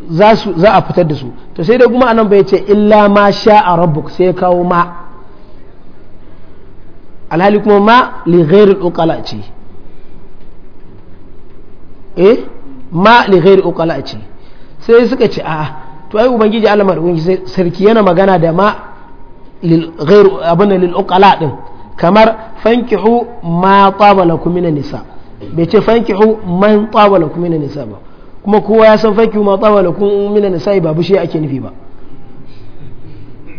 za a fitar da su to sai dai kuma anan bai ce illa ma sha a rabbuk sai kawo ma alhali kuma ma li ghairi ukala ce eh ma li ghairi ukala ce sai suka ce a to ai ubangiji Allah madaukakin sarki yana magana da ma lil ghairi abana lil ukala din kamar fankihu ma tabala min nisa bai ce fankihu man tabala min nisa ba kuma kowa ya san fakiyu ma tsawa da kun mina sai babu shi ake nufi ba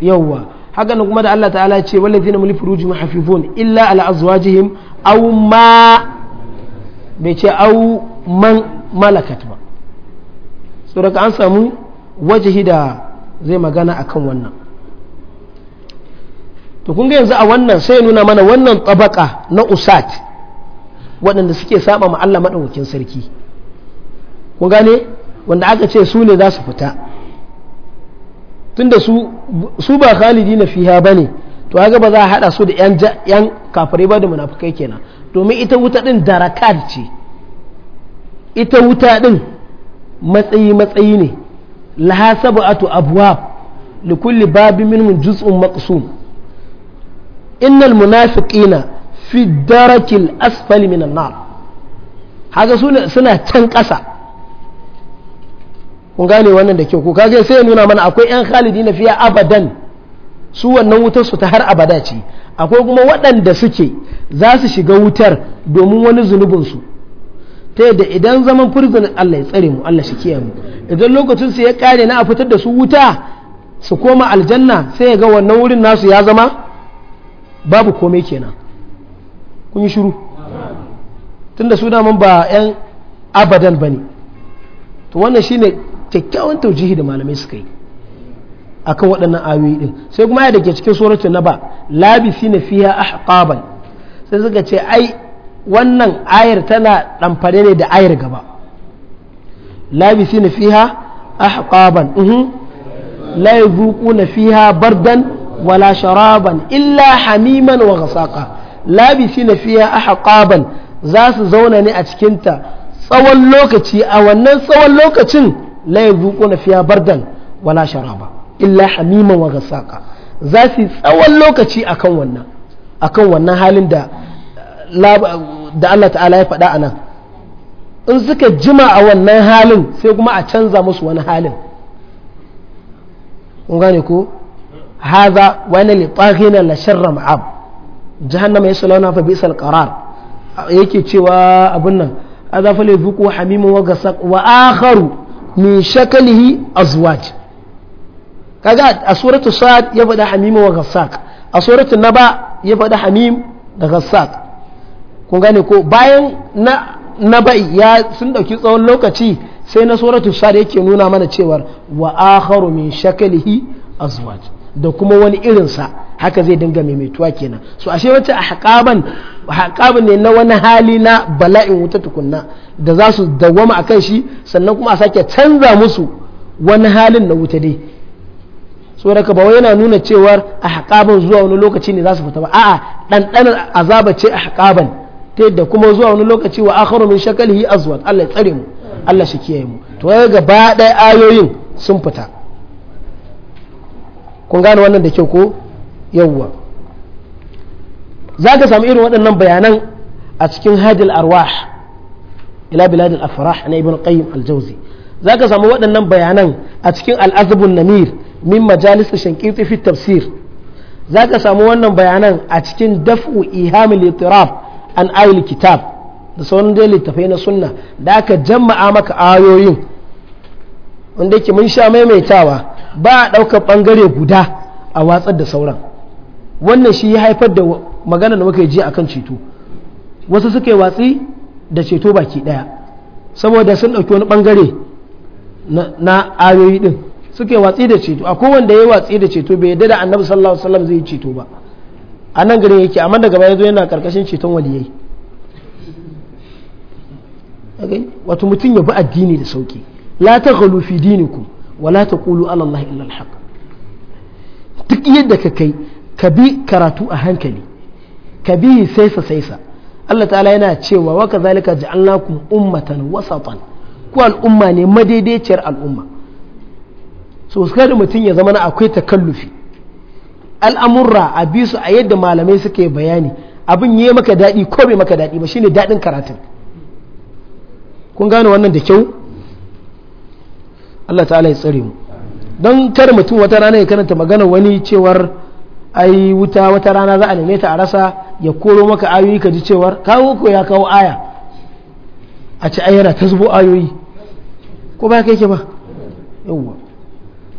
yawwa haka nan kuma da Allah ta'ala ce wallazina mul furuji mahafifun illa ala azwajihim ma bai ce aw man malakat ba saboda an samu wajihi da zai magana akan wannan to kun ga yanzu a wannan sai ya nuna mana wannan tabaka na usat waɗanda suke saba ma Allah madaukakin sarki ku gane wanda aka ce su ne za su fita tunda su ba khalidi na fiha ba ne to haka ba za a haɗa su da yan kafirai ba da munafukai kenan domin ita wuta ɗin darakar ce ita wuta ɗin matsayi matsayi ne laha sab'atu abwab li kulli babin minhum juz'un maqsum innal munafiqina fi darakil asfali minan nar haka suna can ƙasa kun gane wannan da kyau ko kage sai ya nuna mana akwai yan khalidi na fiya abadan su wannan wutar su ta har abada ce akwai kuma waɗanda suke za su shiga wutar domin wani zunubin su ta yadda idan zaman prison Allah ya tsare mu Allah shi kiyaye mu idan lokacin su ya kare na a fitar da su wuta su koma aljanna sai ya ga wannan wurin nasu ya zama babu komai kenan kun yi shiru tunda su daman ba yan abadan bane to wannan shine kyakkyawan taujihi da malamai suka yi akan waɗannan ayoyi din sai kuma ya dake cikin suratu na ba labisi na fiya ahqaban sai suka ce ai wannan ayar tana ɗamfare ne da ayar gaba labisi na fiya ahqaban uhum la yuzuquna fiha bardan wala sharaban illa hamiman wa ghasaqa labisi na fiya ahqaban za su zauna ne a cikinta tsawon lokaci a wannan tsawon lokacin la yazuquna fiha bardan wala sharaba illa hamiman wa ghasaqa za su tsawon lokaci akan wannan akan wannan halin da da Allah ta'ala ya faɗa anan in suka jima a wannan halin sai kuma a canza musu wani halin kun gane ko haza wani litaghina la sharra ma'ab jahannama yaslawna fa bisal qarar yake cewa abun nan azafale zuku hamimu wa gasaq wa akharu min shakalihi azwaj kaga a suratul sad ya faɗa hamim wa ghassaq a suratul naba ya faɗa hamim da ghassaq kun gane ko bayan na naba'i ya sun dauki tsawon lokaci sai na suratul sad yake nuna mana cewar wa akharu min shakalihi azwaj da kuma wani irinsa haka zai dinga maimaituwa kenan so ashe wacce a haƙaban ne na wani hali na bala'in wuta tukunna da za su dawwama a kan shi sannan kuma a sake canza musu wani halin na wuta dai tsoraka ba yana nuna cewar a haƙaban zuwa wani lokaci ne za su fita ba a'a ɗanɗanar azaba ce a haƙaban ta yadda kuma zuwa wani lokaci wa akharu min shakalihi azwat Allah ya tsare mu Allah shi kiyaye mu to gaba ɗaya ayoyin sun fita kun gane wannan da kyau ko yawwa za ka samu irin waɗannan bayanan a cikin hadil arwah ila biladil afrah na ibn qayyim al-jawzi za ka samu waɗannan bayanan a cikin al'azabun namir min majalis shankiti fi tafsir za ka samu wannan bayanan a cikin daf'u ihamil itiraf an ayil kitab da sauran dai littafai na sunna da aka jama'a maka ayoyin wanda yake mun sha maimaitawa ba a ɗaukar ɓangare guda a watsar da sauran wannan shi ya haifar da magana da muka ji a kan ceto wasu suka yi watsi da ceto baki ɗaya saboda sun ɗauki wani ɓangare na ayoyi ɗin suka yi watsi da ceto a kowanda ya yi watsi da ceto bai yadda da annabi sallallahu alaihi wasallam zai yi ceto ba a nan gari yake amma daga baya zo yana karkashin ceton waliyai wato mutum ya bi addini da sauki la ta fi dinikum wala ta kulu Allah illa haq duk yadda ka kai ka bi karatu a hankali ka bi saisa saisa Allah ta'ala yana cewa wa kazalika ja'alnakum ummatan wasatan ku al'umma ne madaidaiciyar al'umma so kada mutum ya zama na akwai takallufi al'amurra a bisu a yadda malamai suke bayani abin yi maka daɗi ko bai maka daɗi ba shine daɗin karatun kun gane wannan da kyau Allah Ta ya tsare mu don kar mutum wata rana ya karanta magana wani cewar ai wuta wata rana za a neme ta a rasa ya koro maka ayoyi ka ji cewar kawo ko ya kawo aya a ci ai yana ta zubo ayoyi ko ba kai ke ba yawwa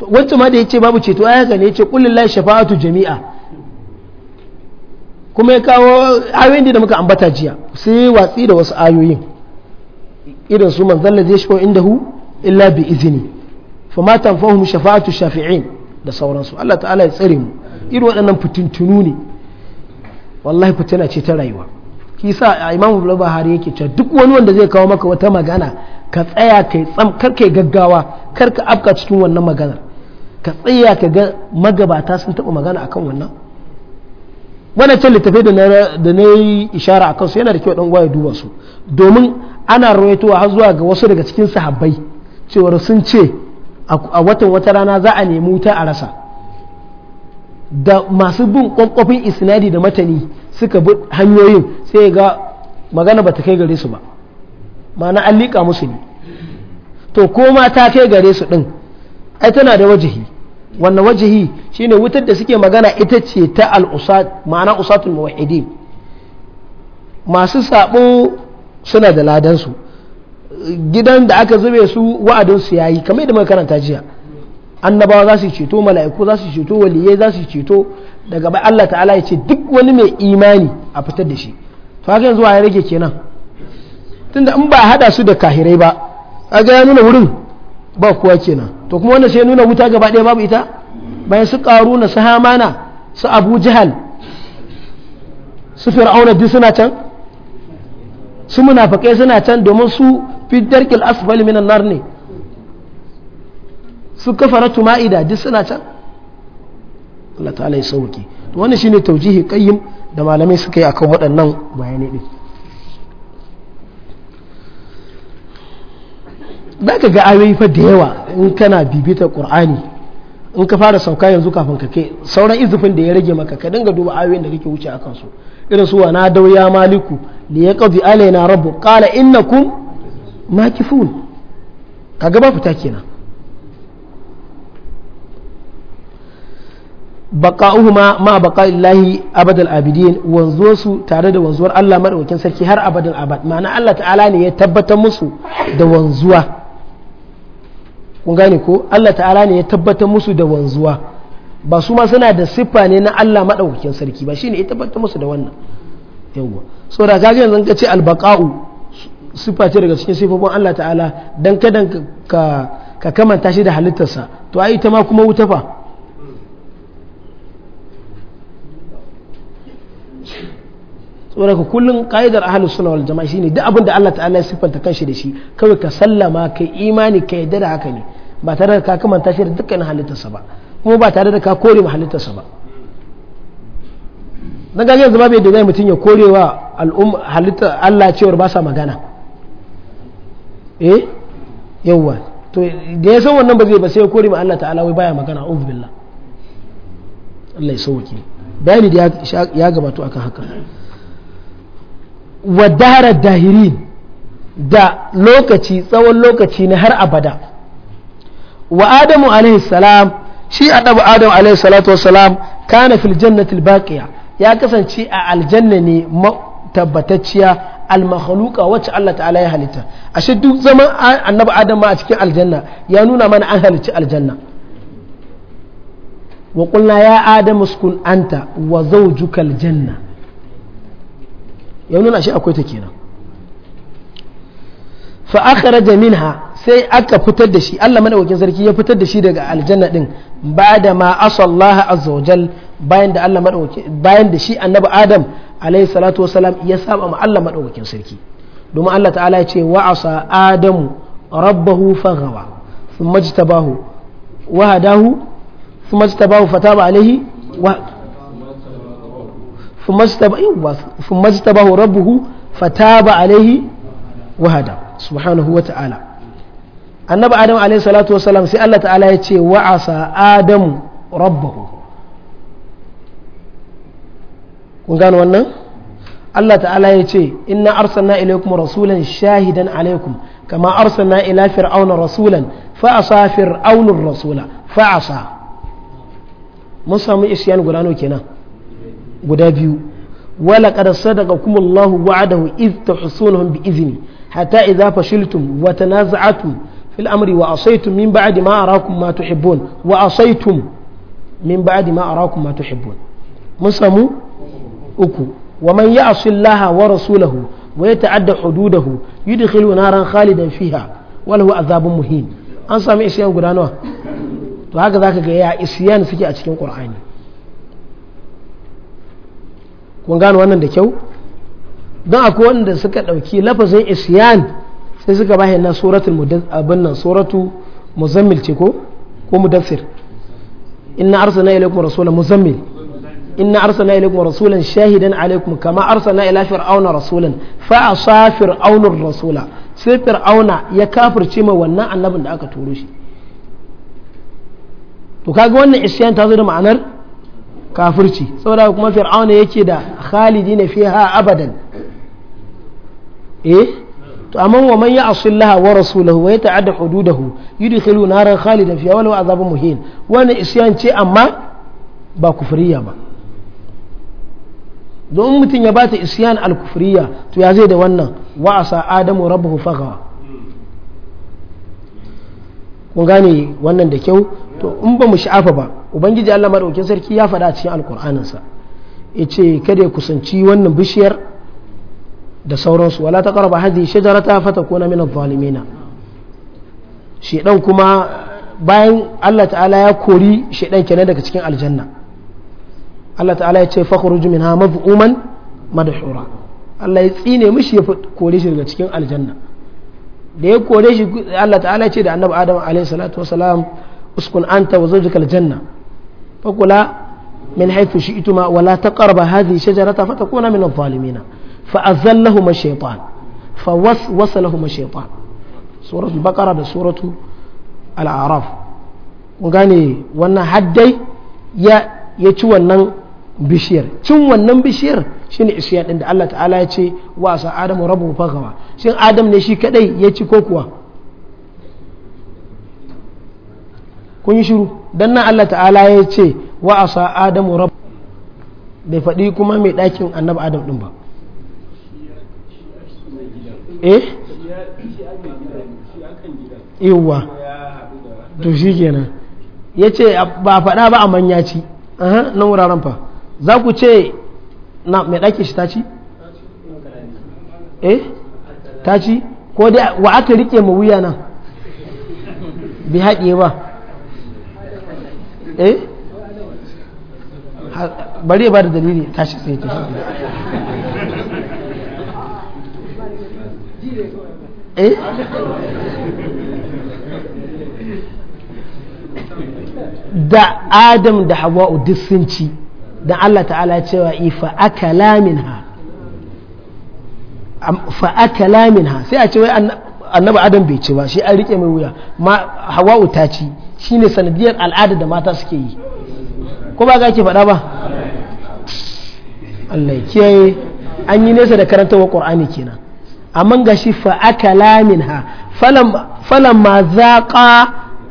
wancan ma da ya ce babu ceto aya ka ne ya ce kullillahi shafa'atu jami'a kuma ya kawo ayoyin da muka ambata jiya sai watsi da wasu ayoyin irin su man shi zai inda hu illa bi izini fa ma tanfahum shafa'atu shafi'in da sauransu Allah ta'ala ya tsare mu irin waɗannan fitintunu ne wallahi fitina ce ta rayuwa kisa imamu bahari yake cewa duk wani wanda zai kawo maka wata magana ka tsaya kai tsam kar kai gaggawa kar ka afka cikin wannan maganar ka tsaya ka ga magabata sun taɓa magana akan wannan wannan can littafai da na yi ishara a kansu yana da kyau ɗan ya duba su domin ana rawaitowa har zuwa ga wasu daga cikin sahabbai cewa sun ce a watan wata rana za a nemi wuta a rasa da masu bin kwakwafin isnadi da matani suka bi hanyoyin sai ga magana ba ta kai gare su ba ma'ana an liƙa musu ne to koma ta kai gare su ɗin ai tana da wajihi wannan wajihi shine wutar da suke magana ita ce ta al'usat ma'ana usatul muwahhidin masu saɓo suna da ladansu gidan da aka zube su wa'adin su yayi kamar yadda makaranta jiya annabawa za su ceto mala'iku za su ceto waliyai za su ceto daga bai Allah ta'ala ya ce duk wani mai imani a fitar da shi to haka yanzu ya rage kenan tunda in ba a hada su da kahirai ba ga ya nuna wurin ba kowa kenan to kuma wanda sai nuna wuta gaba ɗaya babu ita bayan su karu na su hamana su abu jihal su fir'auna duk suna can su munafakai suna can domin su fi darkil asfali minan nar ne su kafaratu ma'ida duk suna can Allah ta'ala ya sauke to wannan shine taujihi qayyim da malamai suka yi akan waɗannan bayanai din za ka ga ayoyi fa da yawa in kana bibita qur'ani in ka fara sauka yanzu kafin ka kai sauran izufin da ya rage maka ka dinga duba ayoyin da kake wuce a su irin su wa na dau ya maliku li yaqdi alaina rabbu qala innakum makifun kaga ba fita kenan baqa'uhuma ma baqa'illahi abadal abidin wanzuwar su tare da wanzuwar Allah madaukakin sarki har abadal abad ma'ana Allah ta'ala ne ya tabbatar musu da wanzuwa kun gane ko Allah ta'ala ne ya tabbatar musu da wanzuwa ba su ma suna da siffa ne na Allah madaukakin sarki ba shine ya tabbatar musu da wannan so da kaga yanzu ka ce al-baqa'u siffa ce daga cikin siffofin Allah ta'ala dan kadan ka kamanta shi da halittarsa to ai ita ma kuma wuta fa tsoron ka kullum ka'idar ahalus sunna wal jama'a shine duk abin da Allah ta'ala ya siffanta kanshi da shi kawai ka sallama kai imani ka yadda da haka ne ba tare da ka kamanta shi da dukkanin halittarsa ba kuma ba tare da ka kore halittarsa ba na gani yanzu ma bai da zai mutum ya korewa al'umma halitta Allah cewar ba sa magana eh yawwa to da ya san wannan ba zai ba sai ya kore ma Allah ta'ala wai baya magana uzu billah Allah ya sauke bayani da ya gabato akan haka wa dahara dahirin da lokaci tsawon lokaci na har abada wa adamu alaihi salam shi adabu adamu alaihi salatu wassalam kana fil jannati al ya kasance a aljanna ne tabbatacciya al wacce Allah ta'ala ya halitta ashe duk zaman annabi adam ma a cikin aljanna ya nuna mana an halicci aljanna wa qulna ya adam uskun anta wa zawjuka janna ya nuna shi akwai ta kenan fa akhraja minha sai aka fitar da shi Allah madaukakin sarki ya fitar da shi daga aljanna din ba da ma asallaha azza wajal bayan da Allah bayan da shi annabi adam alaihi salatu wasalam ya saba ma Allah madaukakin sarki domin Allah ta'ala ya ce wa'asa adamu rabbahu faghawa thumma jtabahu wa hadahu thumma jtabahu fataba alaihi wa thumma jtabahu rabbuhu fataba alaihi wa hada subhanahu wa ta'ala annabi adam alaihi salatu wasalam sai Allah ta'ala ya ce wa'asa adamu rabbahu kun gano wannan Allah ta'ala ya ce inna arsalna ilaykum rasulan shahidan alaikum kama arsalna ila fir'auna rasulan fa asa fir'aunur rasula fa asa mun samu isyan guda nawa kenan guda biyu wala qad sadaqakum Allahu wa'adahu iz tuhsunuhum bi izni hatta idza fashiltum wa tanaza'tum fil amri wa asaytum min ba'di ma arakum ma tuhibbun wa asaytum min ba'di ma arakum ma tuhibbun mun samu uku wa man ya'si Allah wa rasulahu wa yata'adda hududahu yudkhilu naran khalidan fiha wa lahu azabun muhin an sami isyan guda nawa to haka zaka ga ya isyan suke a cikin Qur'ani kun gano wannan da kyau don akwai wanda suka ɗauki lafazin isyan sai suka bahe na suratul abin nan suratu muzammil ce ko ko mudassir inna arsalna ilaykum rasulan muzammil inna arsalna ilaykum rasulan shahidan alaykum kama arsalna ila fir'auna rasulan fa asa fir'auna rasula sai fir'auna ya kafirce ma wannan annabin da aka turo shi to kaga wannan isyan ta zo da ma'anar kafirci saboda kuma fir'auna yake da khalidi ne fiha abadan eh to amma wa man ya'sillaha wa rasulahu wa yata'adda hududahu yudkhilu naran khalidan fiha wa lahu azabun muhin wannan isyan ce amma ba kufriya ba don mutum ya bata isyan al to ya zai da wannan wa'asa adamu rabbahu faghawa kun gane wannan da kyau to in ba mu sha'afa ba ubangiji Allah madaukakin sarki ya faɗa a cikin alkur'aninsa yace kada ya kusanci wannan bishiyar da sauransu wala ta taqrabu hadhihi shajarata fatakuna min adh-dhalimin shedan kuma bayan Allah ta'ala ya kori shedan kenan daga cikin aljanna Allah ta'ala ya ce fakhruj minha madhuman madhura Allah ya tsine mishi ya kore shi daga cikin aljanna da ya kore shi Allah ta'ala ya ce da annabi Adam alaihi salatu wasalam uskun anta wa zawjuka aljanna fakula min haythu shi'tuma wa la taqrabu hadhihi shajarata fatakuna min adh-dhalimin fa'azallahuma ash-shaytan fawaswasa lahum ash-shaytan suratul baqara da suratu al-a'raf gane wannan haddai ya ya ci wannan bishiyar cin wannan bishiyar shi ne ishiya ɗin da Allah ta'ala ya ce wasa adamu rabu fagawa shin adam ne shi kaɗai ya ci ko kuwa kun yi shiru don nan Allah ta'ala ya ce wasa adamu rabu bai faɗi kuma mai ɗakin annabi adam ɗin ba eh yawwa to shi kenan ya ce ba faɗa ba a manya ci nan wuraren fa za ku ce na mai ɗaki shi ta ci? eh ta ci ko dai wa aka rike ma wuya nan bi haɗe ba eh bari ba da dalili shi sai ta eh da adam da hawa'u duk sun ci da Allah ta'ala cewa ifa akala ha, sai a ce wai annabi adam bai ci ba shi an rike mai wuya ma hawa'u ta ci shine sanadiyar al'ada da mata suke yi ko ba ga ke faɗa ba Allah ya kiyaye an yi nesa da karantarwa ƙur'ani kenan amma ga shi fa akala ha falam falam a zaqa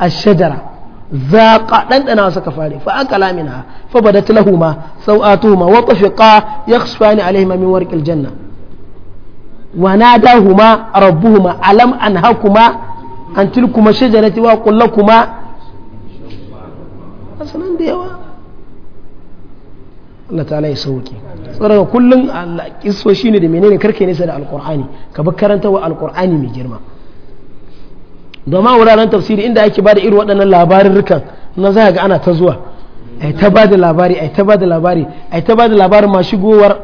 shajara zaqa ɗanɗana wasu ka fare fa akala minha fa badat lahuma sawatuhuma wa tafiqa yakhsfani alaihima min warqil janna wa nadahuma rabbuhuma alam anhakuma an tilkuma shajarati wa qul lakuma asalan da yawa Allah ta'ala ya sauke tsoron kullun shine da menene karke nesa da alkur'ani ka bi karanta wa alkur'ani mai girma domin wuraren tafsiri inda ake bada irin waɗannan labarin labarurrukan na za ga ana ta zuwa ai ta da labari ai ta da labari ai ta da labarin ma shigowar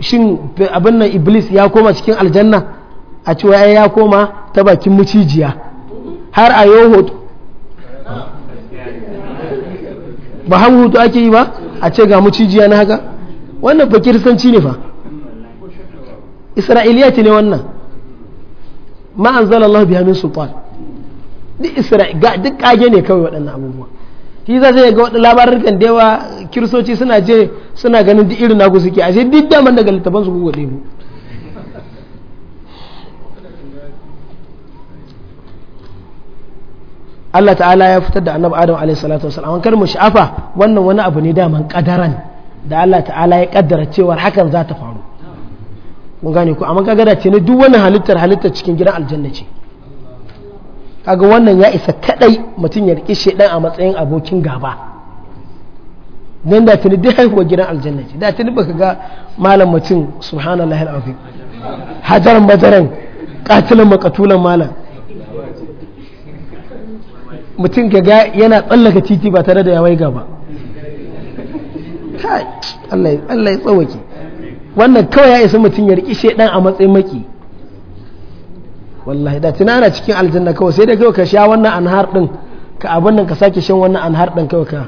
shin abin nan iblis ya koma cikin aljanna a cewa ya koma ta bakin mucijiya har a yau hoto ba hau hoto ake yi ba a ce ga mucijiya na haka wannan fa kiristanci ne fa isra'iliyati ne wannan ma anzala Allah sultan duk isra'i duk kage ne kawai waɗannan abubuwa shi za sai ga labarin kan da yawa kiristoci suna je suna ganin duk irin nagu suke ashe duk daman daga littafansu su kuka mu. Allah ta'ala ya fitar da annabi Adam alaihi salatu wasallam kar mu sha'afa wannan wani abu ne daman kadaran da Allah ta'ala ya kaddara cewa hakan za ta faru kun gane ku amma kaga da ce ne duk wani halittar halittar cikin gidan aljanna ce kaga wannan ya isa kadai mutum ya riƙe shaidan a matsayin abokin gaba nan da tuni duk haihuwa gidan aljanna ce da tuni baka ga malam mutum subhanallah alazim hajaran bajaran katilan makatulan malam mutum ka ga yana tsallaka titi ba tare da ya waiga ba Allah ya tsawake wannan kawai ya isa mutum ya riƙe shaidan a matsayin maki wallahi da tunana cikin aljanna kawai sai da kawai ka sha wannan anhar din ka abin nan ka sake shan wannan anhar din kawai ka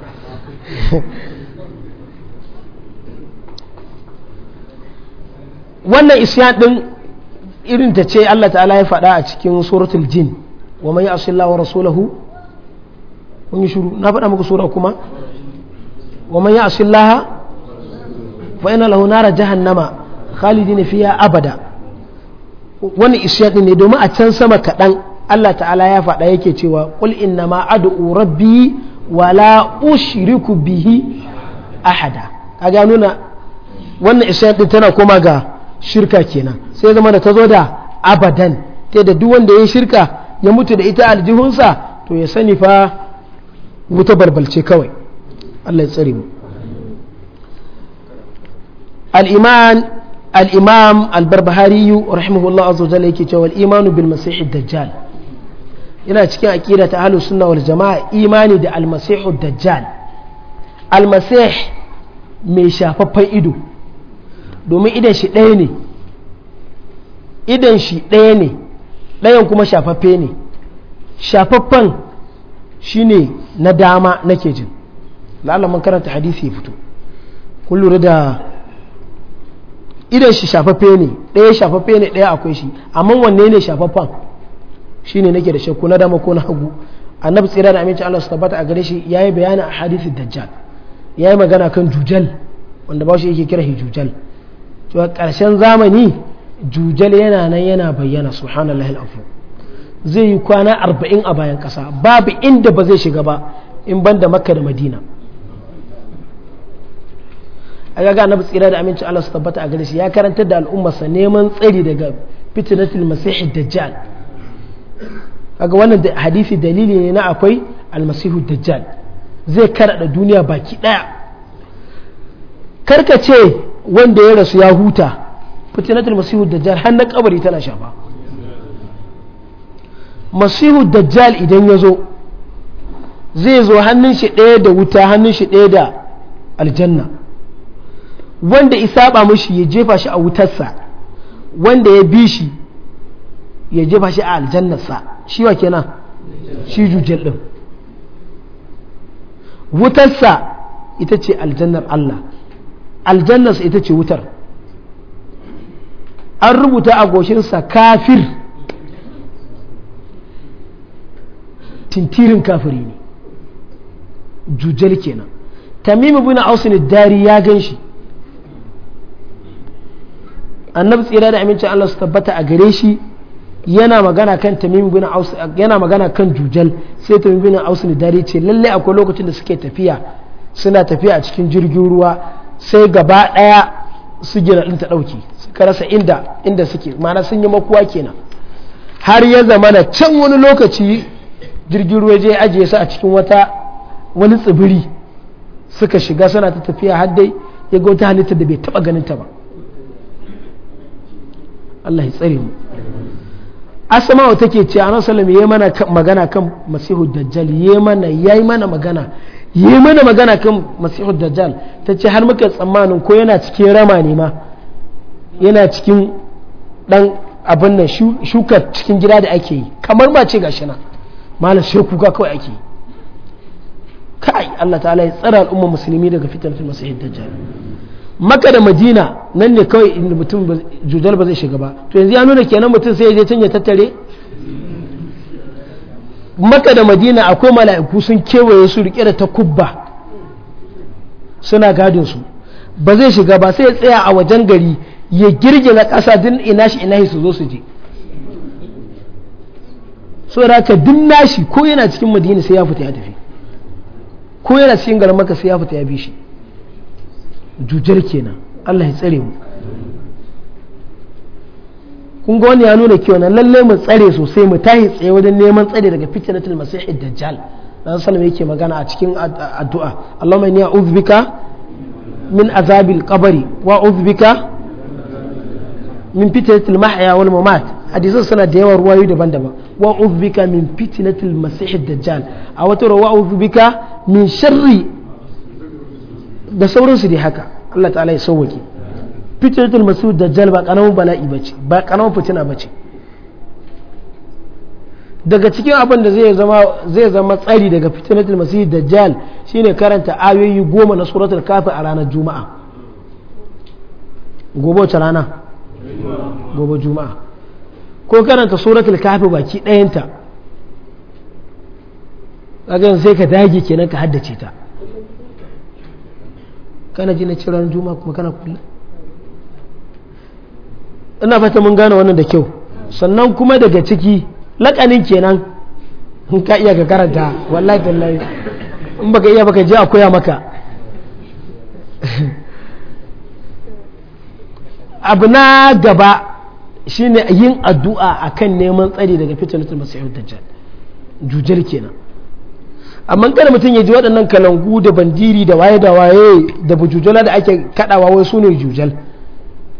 wannan isya din irin ta ce Allah ta'ala ya faɗa a cikin suratul jin wa man yasilla wa rasulahu kun yi shuru na faɗa muku sura kuma wa man yasilla fa inna lahu nara jahannama khalidina fiha abada wani isyaɗi ne domin a can sama kaɗan Allah ta'ala ya faɗa yake cewa qul inna ma ad'u rabbi wa la ushriku bihi ahada kaga nuna wannan isyaɗi tana koma ga shirka kenan sai zama da ta zo da abadan ta da duk wanda ya shirka ya mutu da ita aljihunsa to ya sani fa wuta barbalce kawai Allah ya tsare mu al-iman al-imam al-barbahari rahimahullah azza wajalla yake cewa al-imanu bil masih dajjal yana cikin aqida ta halu sunna wal jamaa imani da al-masih dajjal al mai shafaffen ido domin idan shi ɗaya ne idan shi ɗaya ne ɗayan kuma shafaffe ne shafaffen shine na dama nake jin la'alla man karanta hadisi ya fito kun lura da idan shi shafaffe ne ɗaya shafaffe ne ɗaya akwai shi amma wanne ne shafaffen shine nake da shakku na dama ko na hagu annabi tsira da aminci Allah su tabbata a gare shi yayi bayani a hadisi dajjal yayi magana kan jujal wanda ba shi yake kira jujal to karshen zamani jujal yana nan yana bayyana subhanallahi alazim zai yi kwana arba'in a bayan ƙasa babu inda ba zai shiga ba in banda makka da madina aka ga annabi tsira da aminci Allah su tabbata a gare shi ya karantar da al'ummarsa neman tsari daga fitnatul masih dajjal kaga wannan hadisi dalili ne na akwai almasihu dajjal zai karada duniya baki daya karka ce wanda ya rasu ya huta fitnatul masihu dajjal har na kabari tana shafa masihu dajjal idan ya zo zai zo hannun shi ɗaya da wuta hannun shi ɗaya da aljanna wanda saba mushi ya jefa shi a wutarsa wanda ya bi shi ya jefa shi a aljannarsa shi wa kenan shi jujjal din wutarsa ita ce aljannar Allah aljannarsa ita ce wutar an rubuta a goshinsa kafir tintirin kafiri ne jujjal kenan tamimu bin ausin dari ya ganshi. annabi tsira da amincin Allah su tabbata a gare shi yana magana kan tamim bin aus yana magana kan jujal sai tamim bin aus ne dare ce lalle akwai lokacin da suke tafiya suna tafiya a cikin jirgin ruwa sai gaba daya su gina din ta dauki suka rasa inda inda suke ma'ana sun yi makuwa kenan har ya zama na can wani lokaci jirgin ruwa je ajiye su a cikin wata wani tsibiri suka shiga suna ta tafiya har dai ya ga wata halitta da bai taba ganin ta ba Allah ya tsare mu asma'u take ce annabi sallallahu alaihi mana magana kan masihu dajjal yayi mana yayi mana magana yayi mana magana kan masihu dajjal tace har muka tsammanin ko yana cikin rama ne ma yana cikin dan abin nan shukar cikin gida da ake yi kamar ba ce gashi na malam sai kuka kawai ake yi kai Allah ta'ala ya tsara al'umma musulmi daga fitnatul masihu dajjal maka da madina nan ne kawai inda mutum jujal ba zai shiga ba to yanzu ya nuna kenan mutum sai ya je can ya tattare maka da madina akwai mala'iku sun kewaye su rike da ta kubba suna gadin su ba zai shiga ba sai ya tsaya a wajen gari ya girgiza ƙasa din ina shi ina su zo su je saboda ka duk nashi ko yana cikin madina sai ya fita ya tafi ko yana cikin garin maka sai ya fita ya bi shi jujar kenan Allah ya tsare mu kun ga wani ya nuna kyau na lalle mu tsare sosai mu tahi tsaye wajen neman tsare daga fitnatul masih dajjal dan sallama yake magana a cikin addu'a Allahumma inni a'udhu bika min azabil qabri wa a'udhu bika min fitnatul mahya wal mamat hadisan suna da yawa ruwayoyi daban-daban wa a'udhu bika min fitnatul masih dajjal a wata wa a'udhu bika min sharri da sauransu dai haka Allah ta'ala ya sauwake fitnatul da dajjal ba ƙanamun bala'i bace ba ƙanamun fitina bace daga cikin abin da zai zama zai zama tsari daga fitnatul da dajjal shine karanta ayoyi goma na suratul kafi a ranar juma'a gobe wace rana gobe juma'a ko karanta suratul kafi baki ɗayanta kaga sai ka dage kenan ka haddace ta kana ji na cewa juma kuma kana kulla ina fata mun gane wannan da kyau sannan kuma daga ciki lakanin kenan in ka iya ka karanta wallahi tallahi in baka iya baka je a koya maka abu na gaba shine yin addu'a akan neman tsari daga fitilatul masihud dajjal jujjal kenan amma kada mutum ya ji waɗannan kalangu da bandiri da waye da waye da bujujula da ake kaɗawa wai su ne jujal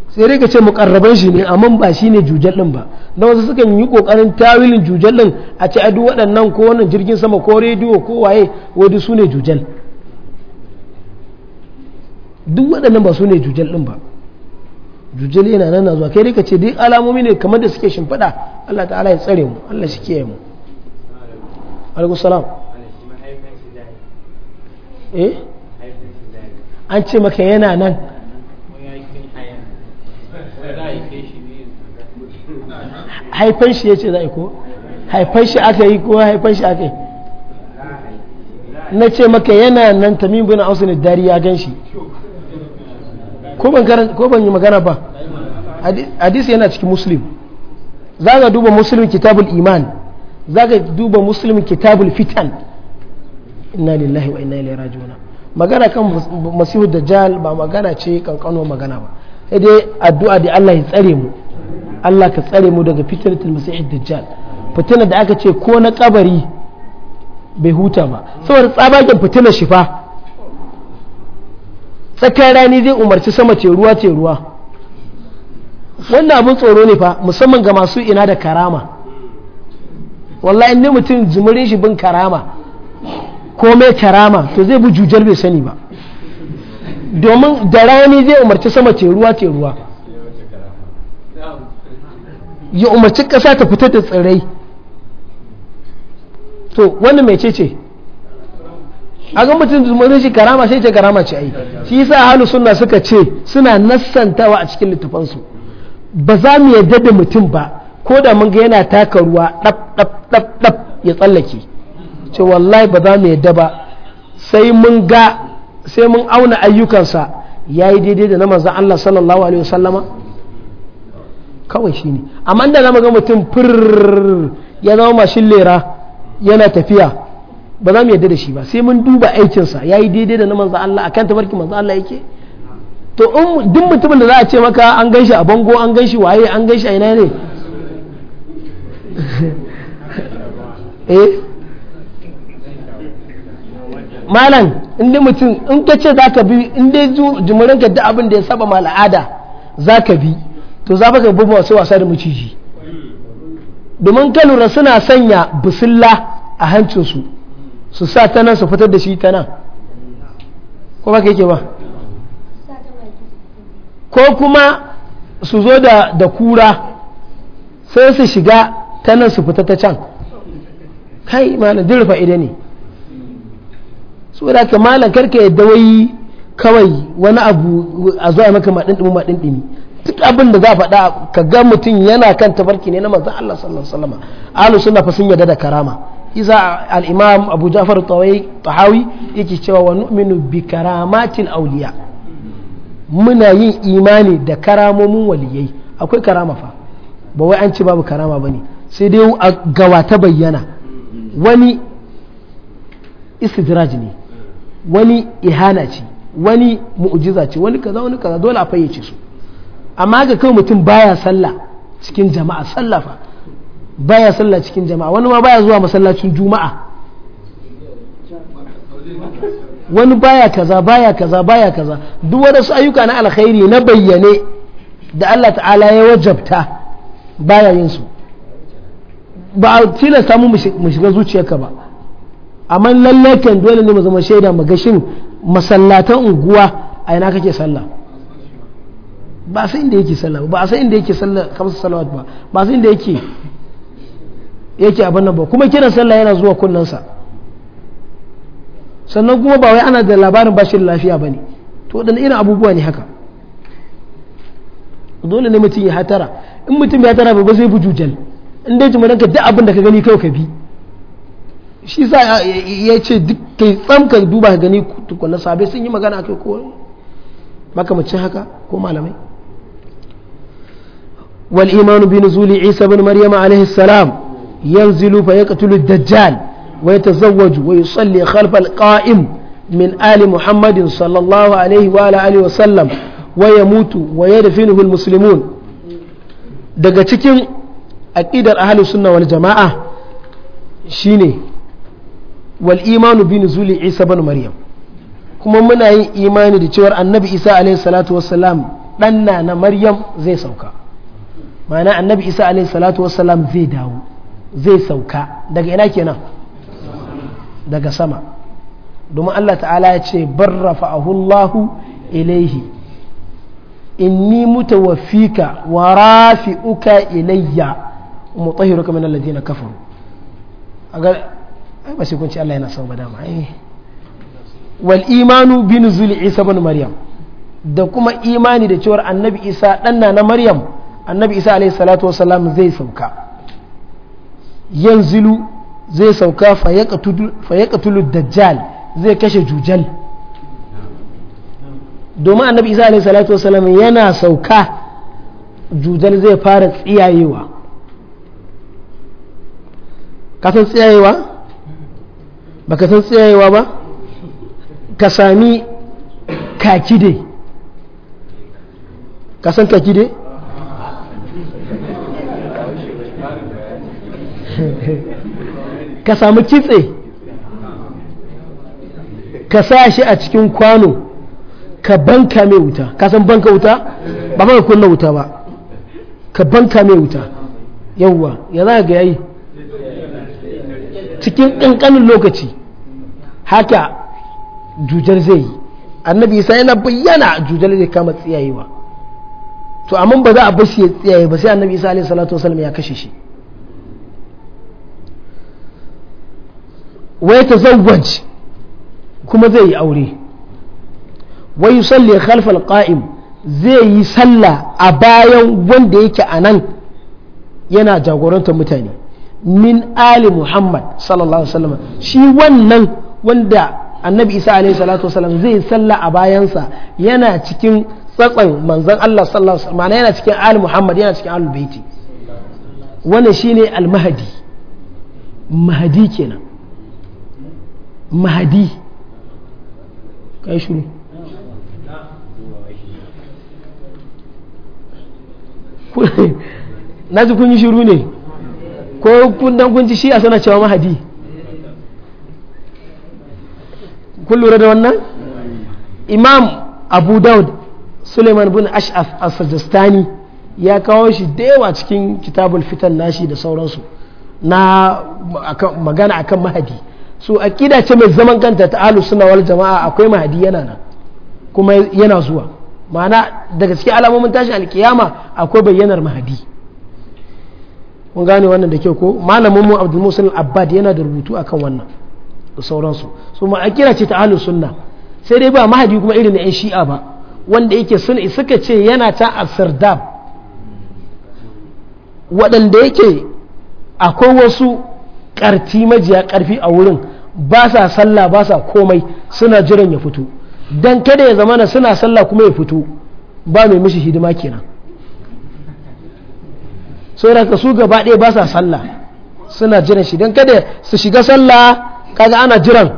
sai rika ce mukarraban shi ne amma ba shi ne jujal ɗin ba na wasu sukan yi ƙoƙarin tawilin jujal ɗin a ce adu waɗannan ko wannan jirgin sama ko rediyo ko waye wai su ne jujal duk waɗannan ba su ne jujal ɗin ba jujal yana nan zuwa kai rika ce dai alamomi ne kamar da suke shimfiɗa Allah ta'ala ya tsare mu Allah shi ke mu alaikum salam eh an ce maka yana nan haifan shi ya ce za a yi ko haifan shi aka yi ko haifan shi aka yi na ce maka yana nan na ausu ne dari ya gan shi ko ban yi magana ba hadisi yana cikin muslim za ka duba muslim kitabul iman za ka duba muslim kitabul fitan inna lillahi wa inna ilaihi raji'un magana kan masihu dajjal ba magana ce kankano magana ba sai dai addu'a da Allah ya tsare mu Allah ka tsare mu daga fitnatul masihu dajjal fitina da aka ce ko na kabari bai huta ba saboda tsabagen fitinar shi fa tsakar rani zai umarci sama ce ruwa ce ruwa wannan abin tsoro ne fa musamman ga masu ina da karama wallahi inda mutum jimirin shi bin karama komai karama to zai bi jujar bai sani ba domin da rani zai umarci sama ce ruwa ce ruwa ya umarci ƙasa ta fita da tsirrai to wani mai ce ce a ga mutum zai shi karama sai ce karama ce ai shi yasa halu suna suka ce suna nassantawa a cikin littafansu ba za mu yadda da mutum ba ko da mun ga yana taka ruwa ɗaf ɗaf ɗaf ɗaf ya tsallake ce wallahi ba za mu yadda ba sai mun ga sai mun auna ayyukansa ya yi daidai da na manzan Allah sallallahu alaihi wasallama kawai shi ne amma da na ga mutum fir ya zama mashin lera yana tafiya ba za mu yadda da shi ba sai mun duba aikinsa ya yi daidai da na manzan Allah a akan tabarkin manzan Allah yake to duk mutumin da za a ce maka an gan shi a bango an gan shi waye an gan shi a ina ne eh malam inda mutum in ka ce za ka bi in dai jimurin ka da abin da ya saba ma al'ada za ka bi to za ka bi masu wasa da maciji domin ka suna sanya busulla a hancinsu su sa ta nan su fitar da shi ta nan ko ba ka yake ba ko kuma su zo da kura sai su shiga ta nan su fita ta can kai malam dirfa ida ne saboda ka malam karka yadda wai kawai wani abu a zuwa maka maɗin ɗumi maɗin ɗumi duk abin da za a faɗa ka ga mutum yana kan tafarki ne na manzo Allah sallallahu alaihi wasallam ahlus sunna fa sun yarda da karama iza al-imam Abu Ja'far Tahawi yake cewa wa nu'minu bi karamatil awliya muna yin imani da karamomin waliyai akwai karama fa ba wai an ce babu karama bane sai dai a gawa ta bayyana wani istidraj ne wani ihana ce wani mu'ujiza ce wani kaza wani kaza dole a fayyace su amma ga kai mutum baya sallah cikin jama'a sallah fa baya sallah cikin jama'a wani ma baya zuwa masallacin juma'a wani baya kaza baya kaza baya kaza duk wadansu ayyuka na alkhairi na bayyane da Allah ta'ala ya wajabta baya yin su ba a tilasta mu mu shiga zuciyarka ba amma lalle kan dole ne mu zama shaida mu ga shin masallatan unguwa a ina kake sallah ba sai inda yake sallah ba sai inda yake sallah kamsa salawat ba ba sai inda yake yake abin nan ba kuma kiran sallah yana zuwa sa sannan kuma ba wai ana da labarin bashin lafiya ba ne to dan irin abubuwa ne haka dole ne mutum ya hatara in mutum ya hatara ba sai bujujal in dai tumaranka duk abin da ka gani kawai ka bi shi sa ya ce duk kai tsamka duba ka gani tukunna sabai sun yi magana kai ko makamacin haka ko malamai wal imanu bi nuzuli isa ibn maryama alaihi salam yanzilu fa yaqtulu dajjal wa yatazawwaju wa yusalli khalfa al-qa'im min ali muhammadin sallallahu alaihi wa ala alihi wa sallam wa yamutu wa yadfinuhu al-muslimun daga cikin aqidar ahlus sunna wal jama'a shine wal imanu bi nuzuli isa bin maryam kuma muna yin imani da cewar annabi isa alaihi salatu wassalam danna na maryam zai sauka ma'ana annabi isa alaihi salatu wassalam zai dawo zai sauka daga ina kenan daga sama domin Allah ta'ala ya ce barrafa ahullahu ilaihi inni mutawaffika wa rafi'uka ilayya mutahhiruka min alladhina kafaru ai ba sai kun ce Allah yana sama ba dama ai wal imanu bi nuzul isa ibn maryam da kuma imani da cewar annabi isa danna na maryam annabi isa alayhi salatu wassalam zai sauka yanzilu zai sauka fa yaqtulu dajjal zai kashe jujal domin annabi isa alayhi salatu wassalam yana sauka jujal zai fara tsiyayewa kasan tsiyayewa baka san tsayayewa ba ka sami kaki dai ka san kaki dai ka sami kitse ka sa shi a cikin kwano ka banka mai wuta ka san banka wuta ba ma ka kunna wuta ba ka banka mai wuta yauwa ya za ga yayi cikin ƙanƙanin lokaci haka jujar zai yi annabi isa yana bayyana jujar zai kama tsiyayewa to amma ba za a bashi ya tsiyaye ba sai annabi isa alaihi salatu wasallam ya kashe shi wai ta zawwaj kuma zai yi aure wai yusalli khalfal qa'im zai yi sallah a bayan wanda yake nan yana jagorantar mutane min ali muhammad sallallahu alaihi wasallam shi wannan wanda annabi isa alaihi salatu wasallam zai salla a bayansa yana cikin tsatsan manzon allah sallallahu alaihi wasallam yana cikin ali muhammad yana cikin ahlul baiti wannan shine al-mahdi kenan mahdi kai shuru na ji kun yi shuru ne ko kun dan shi a suna cewa mahadi kun lura da wannan imam abu daud suleiman bin ash'af as-sajistani ya kawo shi da yawa cikin kitabul fitan nashi da sauransu na magana akan mahadi so akida ce mai zaman kanta ta ahlus sunna wal jama'a akwai mahadi yana nan kuma yana zuwa ma'ana daga cikin alamomin tashin alkiyama akwai bayyanar mahadi kun gane wannan da kyau ko malamin mu abdul musul abbad yana da rubutu akan wannan da sauransu su ma akira ce ta ahlus sunna sai dai ba mahadi kuma irin na yan shi'a ba wanda yake sun suka ce yana ta asardab waɗanda yake akwai wasu karti majiya karfi a wurin ba sa sallah ba sa komai suna jiran ya fito dan kada ya zamana suna sallah kuma ya fito ba mai mishi hidima kenan saboda su gaba ɗaya ba sa sallah suna jiran shi don kada su shiga sallah kaga ana jiran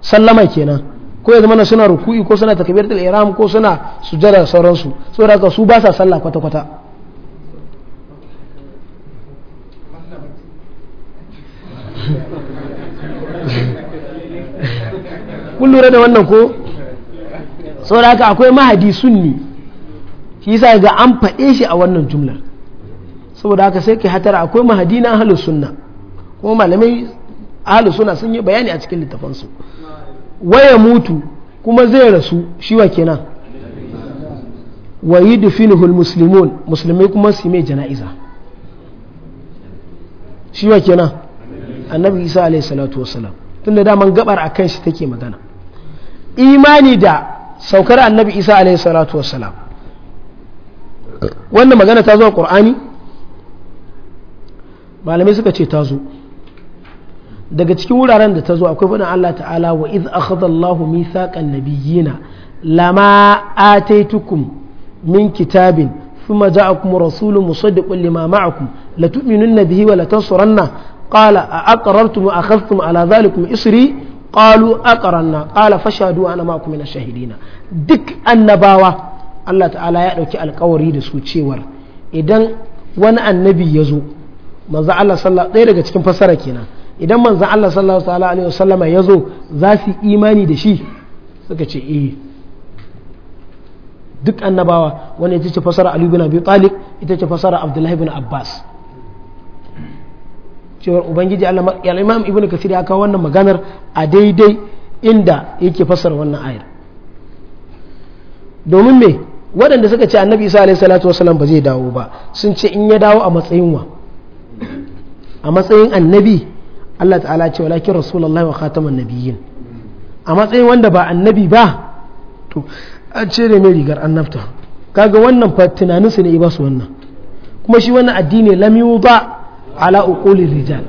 sallama kenan ko ya zama suna ruku'i ko suna da iram ko suna sujada sauransu saboda haka su ba sa sallah kwata kwata kun lura da wannan ko saboda haka akwai mahadi sunni shi yasa ga an faɗe shi a wannan jumlar saboda haka sai ka hatara akwai mahadi na ahalus sunna kuma malamai ahalus sunna sun yi bayani a cikin littafansu waya mutu kuma zai rasu shi wa kenan da yudfinuhu almuslimun musulmai kuma su mai jana'iza shi wa kenan annabi isa alayhi salatu wasalam tun da daman gabar a kan shi take magana imani da saukar annabi isa alayhi salatu wasalam wannan magana ta zo a qur'ani malamai suka ce ta zo daga cikin wuraren da ta zo akwai faɗin Allah ta'ala wa iz akhadha Allahu mithaqan nabiyyina lama ataitukum min kitabin thumma ja'akum rasulun musaddiqun lima ma'akum la tu'minunna bihi wa la tansuranna qala a aqrartum wa akhadhtum ala dhalikum isri qalu aqranna qala fashhadu ana ma'akum min ash shahidina duk annabawa Allah ta'ala ya dauki alƙawari da su cewar idan wani annabi ya zo manzo Allah sallallahu ɗaya daga cikin fassara kenan idan manzo Allah sallallahu alaihi wasallama ya zo za su imani da shi suka ce eh duk annabawa wani ita ce fasara Ali bin Abi Talib ita ce fasara Abdullahi bin Abbas cewar ubangiji ya imam Ibn Kathir ya kawo wannan maganar a daidai inda yake fasara wannan ayar domin me waɗanda suka ce annabi isa alaihi salatu wasalam ba zai dawo ba sun ce in ya dawo a matsayin wa a matsayin annabi Allah ta'ala ce walakin rasulullahi wa khataman nabiyyin a matsayin wanda ba annabi ba to an cire mai rigar annabta kaga wannan fa tunanin su ne ba wannan kuma shi wannan addini lam ba ala uquli rijal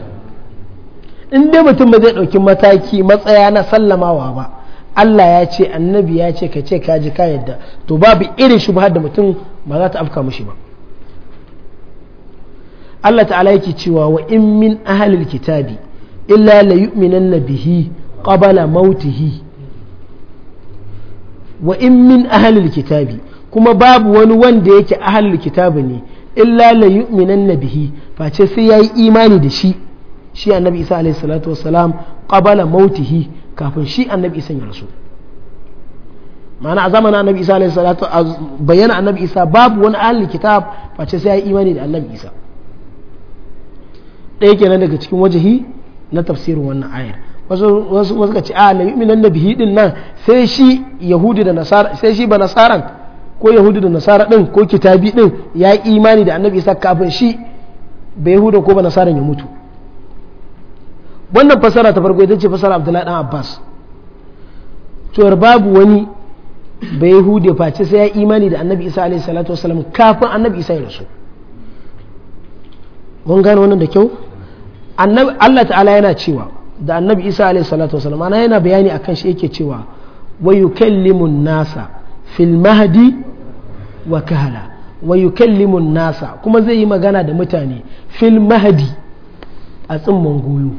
in dai mutum ba zai dauki mataki matsaya na sallamawa ba Allah ya ce annabi ya ce ka ce ka ji ka yadda to babu irin shubhar da mutum ba za ta afka mushi ba Allah ta'ala yake cewa wa in min ahlil kitabi illa la yu'minanna bihi qabala mautihi wa in min ahlil kitabi kuma babu wani wanda yake ahlul kitabi ne illa la yu'minanna bihi face sai yayi imani da shi shi annabi isa alaihi salatu wassalam qabala mautihi kafin shi annabi isa ya rasu ma'ana a zamanin annabi isa alaihi salatu bayyana annabi isa babu wani ahlul kitab face sai yayi imani da annabi isa ɗaya kenan daga cikin wajahi na tafsirin wannan ayar wasu wasu ka ce a ah, la yu'minan bihi din nan sai shi yahudi da nasara sai shi ba nasaran ko yahudi da nasara din ko kitabi din ya yi imani da annabi isa kafin shi ba yahuda ko ba nasaran ya mutu wannan fasara ta farko ita ce fasara abdullahi dan abbas cewar babu wani ba ya face sai ya yi imani da annabi isa alaihi salatu salam kafin annabi isa ya rasu mun gane wannan da kyau annabi Allah ta'ala yana cewa da annabi Isa alaihi salatu wasallam ana yana bayani akan shi yake cewa wa yukallimu nasa fil mahdi wa kahala wa nasa kuma zai yi magana da mutane fil mahdi a tsimman goyo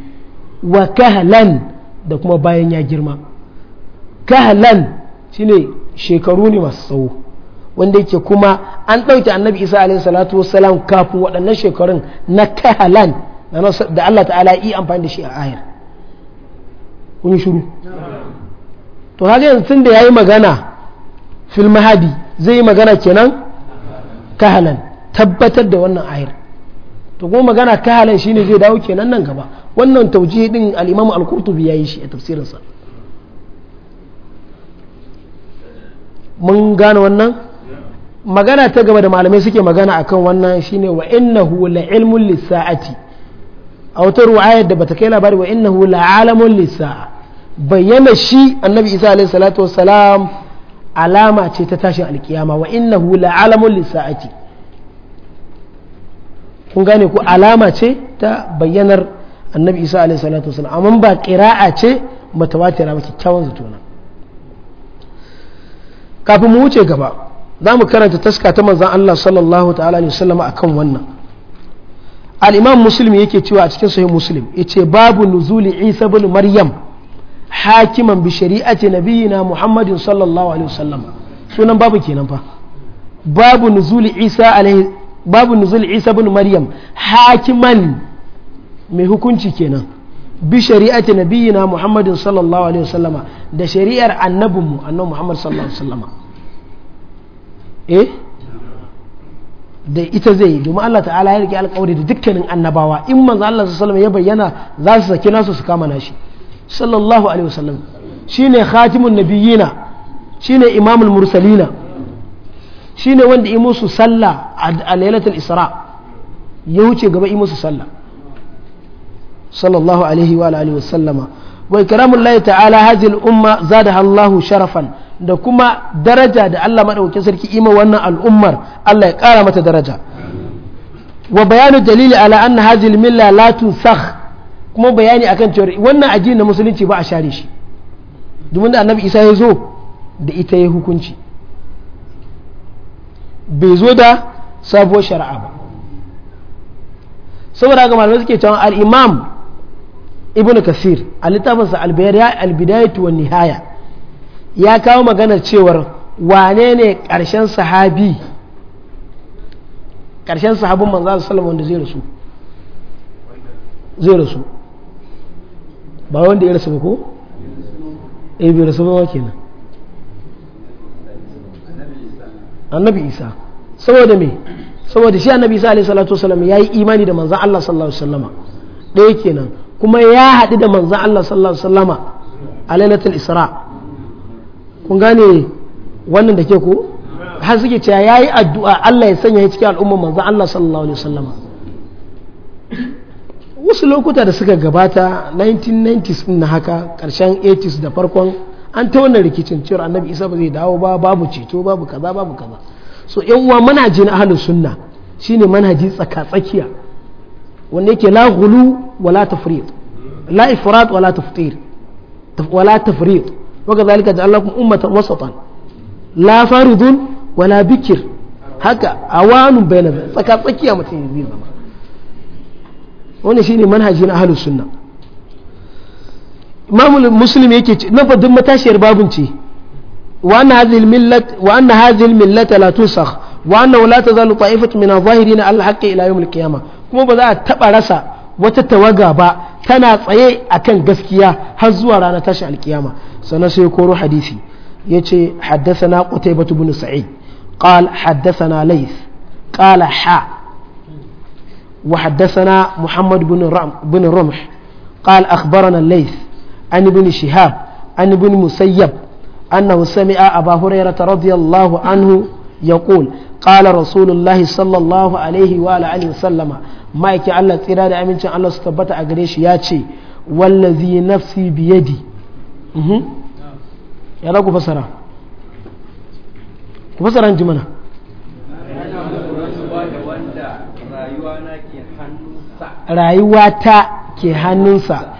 wa kahalan da kuma bayan ya girma kahalan shine shekaru ne masu tsawo wanda yake kuma an ɗauke annabi isa alaihi salatu wasalam kafin waɗannan shekarun na kahalan da Allah ta'ala yi amfani da shi a ayar kun shiru to haka yanzu tun da ya yi magana fil mahadi zai yi magana kenan kahalan tabbatar da wannan ayar to kuma magana kahalan shi ne zai dawo kenan nan gaba wannan tauji din al-Imam ya yi shi a tafsirinsa mun gane wannan magana ta gaba da malamai suke magana akan wannan shine wa innahu la ilmun lis a wata ruwayar da bata kai labari wa innahu la'alamun lisa bayyana shi annabi isa alaihi salatu wassalam alama ce ta tashin alkiyama wa innahu la'alamun lisa'ati kun gane ku alama ce ta bayyanar annabi isa alaihi salatu wassalam amma ba qira'a ce mutawatira ba kyakkyawan zatona kafin mu wuce gaba za mu karanta taska ta manzon Allah sallallahu ta'ala alaihi wasallam akan wannan al-imam muslim yake cewa a cikin sahih muslim yace babu nuzuli isa ibn maryam hakiman bi shari'ati nabiyina muhammadin sallallahu alaihi wasallam sunan babu kenan fa babu nuzuli isa alaihi babu nuzul isa ibn maryam hakiman mai hukunci kenan bi shari'ati nabiyina muhammadin sallallahu alaihi wasallama da shari'ar annabinmu annabi muhammad sallallahu alaihi wasallama eh da ita zai yi domin Allah ta'ala ya rike alƙawari da dukkanin annabawa in manzo Allah sallallahu alaihi ya bayyana za su saki nasu su kama nashi sallallahu alaihi wasallam shine khatimun nabiyina shine imamul mursalina shine wanda yi musu sallah a lailatul isra ya wuce gaba yi musu sallah sallallahu alaihi wa alihi wasallama wa ikramul lahi ta'ala hadhihi al umma zadaha Allah sharafan da kuma daraja da Allah maɗaukakin sarki ima wannan al'ummar Allah ya ƙara mata daraja wa bayanu dalili ala anna hadhihi milla la tusakh kuma bayani akan cewa wannan addini na musulunci ba a share shi domin da annabi Isa ya zo da ita ya hukunci bai zo da sabuwar shari'a ba saboda ga malamai suke cewa al-imam ibn kasir a littafinsa al-bidayatu wan nihaya ya kawo maganar cewar wane ne ƙarshen sahabi ƙarshen sahabin manzo sallallahu wanda zai rasu zai rasu ba wanda ya rasu ba ko eh bai rasu ba kenan annabi isa saboda me saboda shi annabi isa alaihi salatu wasallam yi imani da manzon Allah sallallahu alaihi wasallama ɗaya kenan kuma ya haɗu da manzon Allah sallallahu alaihi wasallama a lailatul isra' kun gane wannan da ke ku har suke cewa ya yi addu'a Allah ya sanya cikin al'umma manzan Allah sallallahu alaihi wasallam wasu lokuta da suka gabata 1990s na haka karshen 80s da farkon an ta wannan rikicin cewa annabi isa ba zai dawo ba babu ceto babu kaza babu kaza so yan uwa na ahlus sunna shine manhaji tsaka tsakiya wanda yake la ghulu wala tafriq la ifrat wala wala tafriq وكذلك جعلناكم أمة وسطا لا فارض ولا بكر هكا أوان بين ذلك سكا متين بين زمان wani shine manhajin ahlus sunna imam muslim yake na fadin matashiyar babun ce wa anna hadhihi millat wa anna hadhihi millata la tusakh wa anna la tazalu min adh-dhahirin kuma ba za a taɓa rasa wata tawaga ba tana tsaye akan gaskiya har zuwa ranar tashi alkiyama sana sai koro hadisi yace ce haddasana ƙutai batu bin sa'id ƙal haddasana lais ƙala ha wa haddasana muhammad bin ramh ƙal akhbarana lais an ibn shihab an ibn musayyab annahu sami'a aba hurairah radiyallahu anhu yaqul qala rasulullahi sallallahu alaihi wa ala alihi sallama ma'aikin allah tsira da amincin allah su tabbata a gare shi ya ce wallazi nafsi biyadi Mhm. ya ku fasara ku fasara ji mana rayuwa ta ke hannunsa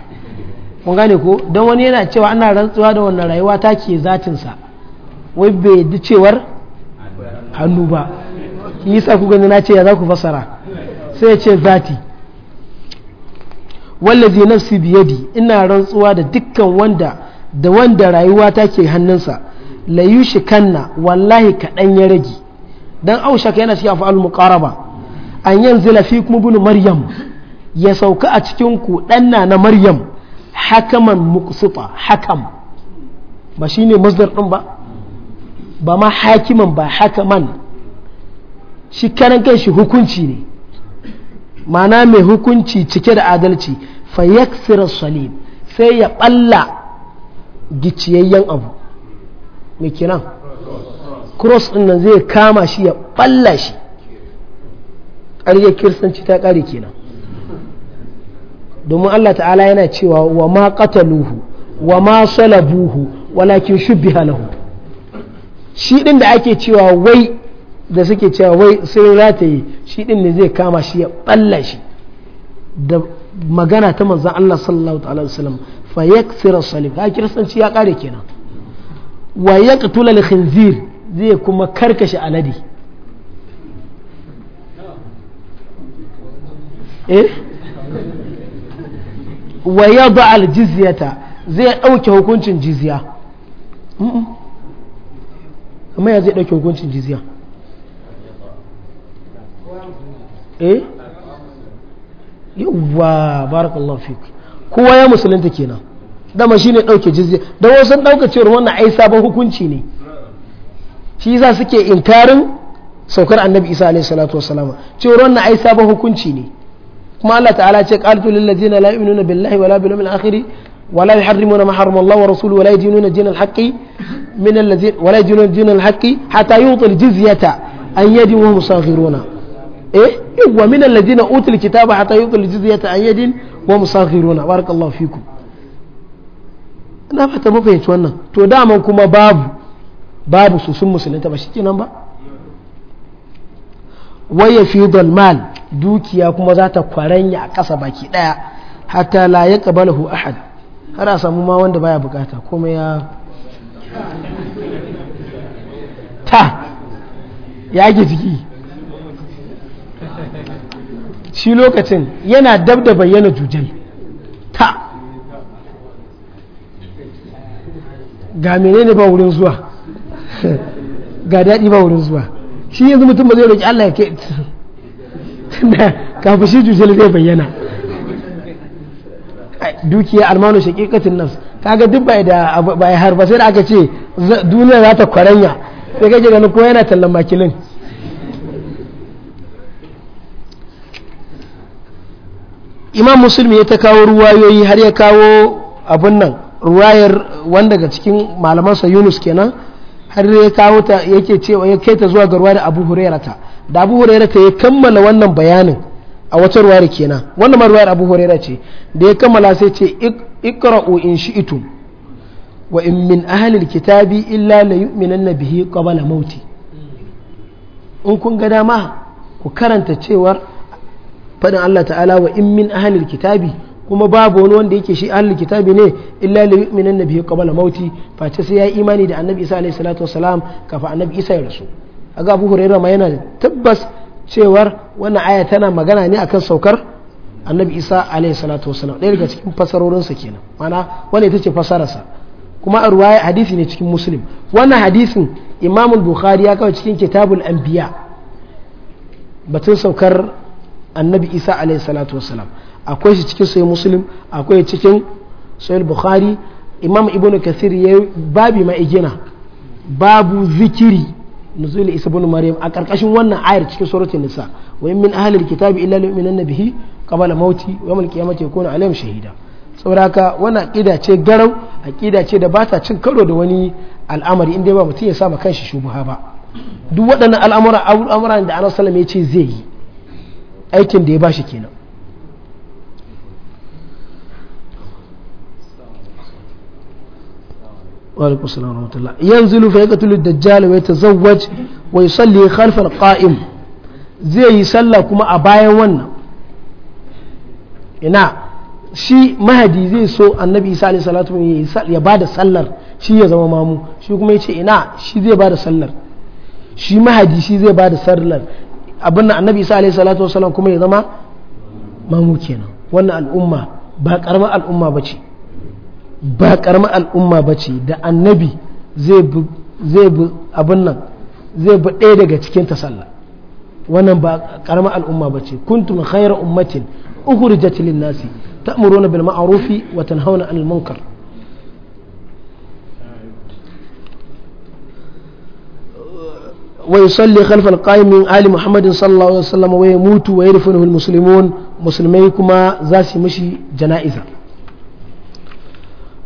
kun gane ko don wani yana cewa ana rantsuwa da wannan rayuwa ta ke zatinsa wai bai yadda cewar hannu ba yi sa ku gani na ce ya za ku fasara sai ya ce zati wallazi nafsi biyadi ina rantsuwa da dukkan wanda da wanda rayuwa ke hannunsa la kanna wallahi kaɗan ya rage dan aushaka yana cikin afal muqaraba an yanzila kuma bin maryam ya sauka a cikin ku na maryam hakaman muqsita hakam ba shine masdar din ba ba ma hakiman ba hakaman shi karan kan shi hukunci ne Mana mai hukunci cike da adalci fa yaksira salim sai ya ɓalla. giciyayyen abu mai kenan cross din nan zai kama shi ya balla shi ƙaryar kiristanci ta ƙare kenan domin Allah ta'ala yana cewa wa ma qataluhu wa ma salabuhu walakin shubbiha lahu shi din da ake cewa wai da suke cewa wai sai rataye shi din ne zai kama shi ya balla shi da magana ta manzan Allah sallallahu alaihi wasallam fa yakthira salib kiristanci ya kare kenan wa ya katula khinzir zai kuma karkashe alade eh wa yada al-jizyata zai dauke hukuncin jizya amma ya zai dauke hukuncin jizya eh yawwa barakallahu fiki kowa ya musulunta kenan dama shi ne ɗauke jizya da wasu ɗauka cewar wannan ai sabon hukunci ne shi za suke inkarin saukar annabi isa alaihi salatu wasalama cewar wannan ai sabon hukunci ne kuma Allah ta'ala ce qaltu lil ladina la yu'minuna billahi wala bil yawmil akhir wala yuharrimuna ma harrama Allah wa rasuluhu wala yadinuna dinal haqqi min alladhina wala yadinuna dinal haqqi hatta yu'til jizyata an yadin wa hum saghiruna eh wa min alladhina utul kitaba hatta yu'til jizyata an yadin wa musakhiruna barakallahu fikum na fata mu fahimci wannan to daman kuma babu babu su sun musulunta ba shikenan ba waya fi mal dukiya kuma za ta kwaranya a ƙasa baki ɗaya hatta la ya qabalahu ahad har a samu ma wanda baya bukata kuma ya ta ya ke shi lokacin yana dab da bayyana jujal ta ga menene ba wurin zuwa ga daɗi ba wurin zuwa shi yanzu mutum ba zai roƙi Allah ya ke kafin shi jujal zai bayyana dukiya almanu shaƙiƙatin nas kaga duk bai da bai har sai da aka ce duniya za ta kwaranya sai kake ganin ko yana tallan makilin imam muslim ya ta kawo ruwayoyi har ya kawo abun nan ruwayar wanda daga cikin malamansa yunus kenan har ya kawo ta yake cewa ya kai ta zuwa ga ruwayar abu ta da abu ta ya kammala wannan bayanin a wata ruwayar kenan wannan ma ruwayar abu huraira ce da ya kammala sai ce ikra'u in shi'tum wa in min ahli kitabi illa la yu'minanna bihi qabla mauti in kun ga dama ku karanta cewar fadin Allah ta'ala wa in min ahlil kitabi kuma babu wani wanda yake shi ahlul kitabi ne illa li yu'minan nabiy qabla mauti face sai ya yi imani da annabi Isa alaihi salatu wasalam kafa annabi Isa ya rasu aga Abu Hurairah ma yana tabbas cewar wannan aya tana magana ne akan saukar annabi Isa alaihi salatu wasalam ɗaya daga cikin fasarorin sa kenan mana wanda ita ce fasararsa kuma a ruwaya hadisi ne cikin muslim wannan hadisin Imam Bukhari ya kawo cikin kitabul anbiya batun saukar annabi isa alaihi salatu wassalam akwai shi cikin sai muslim akwai cikin sai bukhari imam ibnu kasir ya babi ma igina babu zikiri nuzul isa ibn maryam a karkashin wannan ayar cikin suratul nisa wa min ahli alkitabi illa yu'minuna bihi qabla mauti wa yawmal qiyamati yakunu alaihim shahida sauraka wani aƙida ce garau aƙida ce da ba ta cin karo da wani al'amari inda ba mutum ya sama kanshi shubuha ba duk waɗannan al'amura al'amuran da anas salam ya ce zai yi aikin da ya bashi kenan وعليكم السلام wai الله ينزل فيقتل الدجال ويتزوج ويصلي خلف القائم زي يصلى كما أبايا ون إنا shi mahadi zai so annabi isa alaihi salatu ya ba da sallar shi ya zama mamu shi kuma yace ina shi zai ba da sallar shi mahadi shi zai ba da sallar abin nan annabi isa alaihi salatu wasallam kuma ya zama mamu kenan wannan al'umma ba karamar al'umma bace ba karamar al'umma bace da annabi zai bi zai bi abin nan zai bi ɗaya daga cikin ta sallah wannan ba karamar al'umma bace kuntum khayra ummatin ukhrijat lin nasi ta'muruna bil ma'rufi wa tanhauna 'anil munkar ويصلي خلف القائم من آل محمد صلى الله عليه وسلم ويموت ويدفنه المسلمون مسلمي كما زاسي مشي جنائزة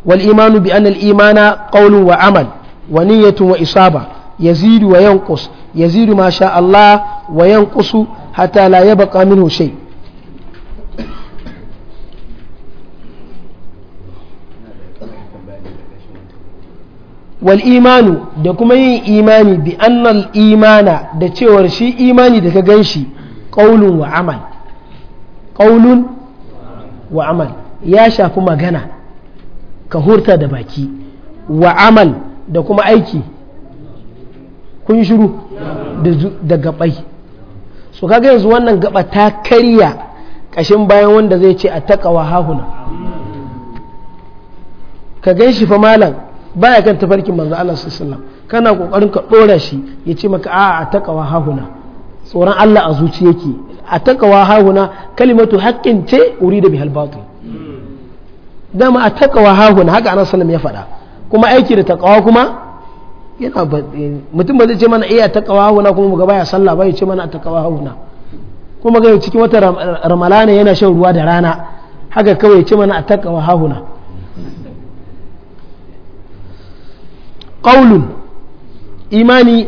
والإيمان بأن الإيمان قول وعمل ونية وإصابة يزيد وينقص يزيد ما شاء الله وينقص حتى لا يبقى منه شيء wal imanu da kuma yin imani bi annal imana da cewar shi imani da ka ganshi shi ƙaulun wa amal wa amal ya shafi magana ka hurta da baki wa amal da kuma aiki kun shiru da gabai su kaga yanzu wannan gaba ta karya ƙashin bayan wanda zai ce a wa hahuna ka gan fa malam baya kan tafarkin manzo Allah sallallahu alaihi kana kokarin ka dora shi ya ce maka a a takawa hahuna tsoron Allah a zuci yake a takawa hahuna kalimatu haqqin ce urida bihal batil dama a takawa hahuna haka annabi sallallahu ya faɗa kuma aiki da takawa kuma yana mutum ba zai ce mana iya eh, takawa hahuna kuma mu ga baya sallah ba ya ce mana a takawa hahuna kuma ga cikin wata ramalana yana shan ruwa da rana haka kawai ya ce mana a takawa hahuna ƙaulun imani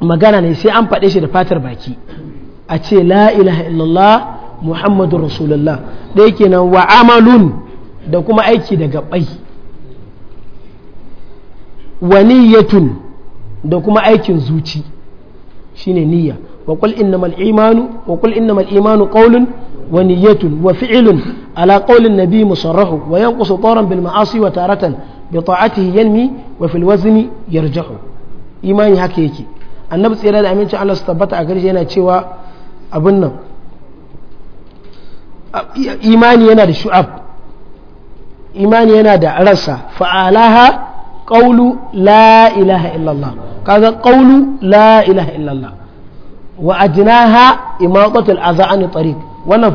magana ne sai an faɗe shi da fatar baki a ce la ilaha illallah muhammadun rasulullah ɗaya nan wa amalun da kuma aiki da gabai wa niyyatun da kuma aikin zuci shine niyya wa qul innamal imanu wa qul innamal imanu qawlun wa niyyatun wa fi'lun ala qawlin nabiy musarrahu wa yanqusu tawran bil ma'asi wa taratan bi ta'atihi yalmi wa fil wazni yarja'u da amincin Allah su tabbata a garje yana cewa abin nan imani yana da shu'ab imani yana da rasa fa'alaha qawlu la ilaha illallah kaga qawlu la ilaha illallah wa ajnaha imaqatul adha an tariq wannan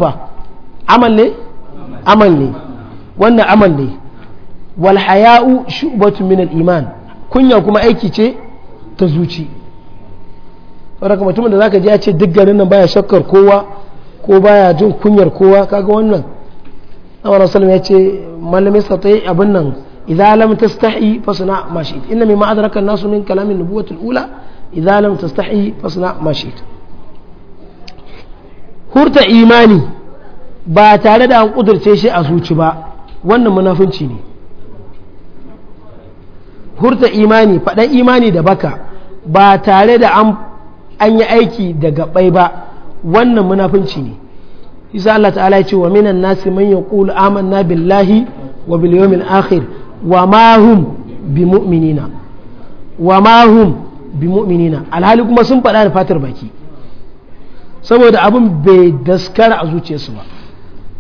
wannan amal ne walhaya'u haya'u shu'batun min al iman kunya kuma aiki ce ta zuci saboda mutumin da zaka ji ya ce duk garin nan baya shakkar kowa ko baya jin kunyar kowa kaga wannan Allah sallallahu ya ce malami satai abin nan idza lam tastahi fasna ma shi'it inna mimma adraka an-nasu min kalamin nubuwatul ula idza lam tastahi fasna ma shi'it hurta imani ba tare da an kudurce shi a zuci ba wannan munafunci ne hurta imani faɗan imani da baka ba tare da an yi aiki da gabai ba wannan munafunci ne isa Allah ta'ala ya ce wa minan nasi man yaqulu amanna billahi wa bil yawmil akhir wa ma hum muminina wa ma hum alhali kuma sun faɗa da fatar baki saboda abun bai daskara a zuciyarsu ba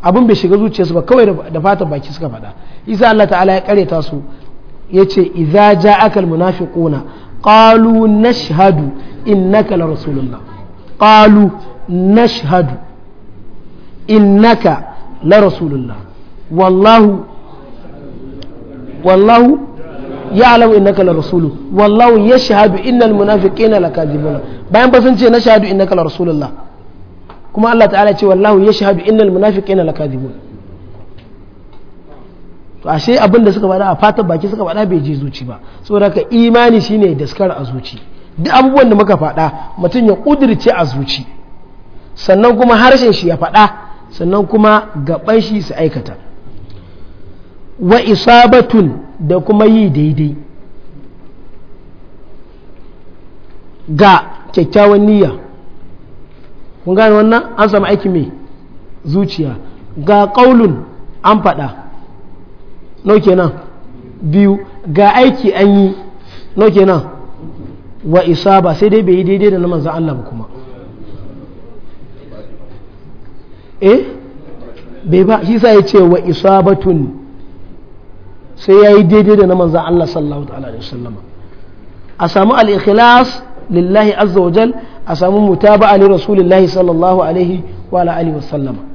abun bai shiga zuciyarsu ba kawai da fatar baki suka faɗa isa Allah ta'ala ya karyata su yace idza ja'aka almunafiquna qalu nashhadu innaka la rasulullah qalu nashhadu innaka la rasulullah wallahu wallahu ya'lamu innaka la rasulu wallahu yashhadu innal munafiqina lakadibuna bayan ba sun ce nashhadu innaka la rasulullah kuma Allah ta'ala ce wallahu yashhadu innal munafiqina lakadibuna to ashe abin da suka faɗa a fatan baki suka faɗa bai je zuci ba saboda ka imani shine da daskar a zuci duk abubuwan da muka faɗa mutum ya kudirce a zuci sannan kuma harshen shi ya faɗa sannan kuma gaban shi su aikata wa isabatun da kuma yi daidai ga kyakkyawan niyya kun gane wannan an samu aiki mai zuciya ga ƙaulun an faɗa no kenan biyu ga aiki an yi no kenan wa isa ba sai dai bai yi daidai da na manzan Allah ba kuma eh bai ba shi sai ya ce wa isabatun sai ya yi daidai da na manzan Allah sallallahu alaihi wasallama a samu al-ikhlas lillahi azza wa jal a samu mutaba'a li rasulillahi sallallahu alaihi wa alihi wasallama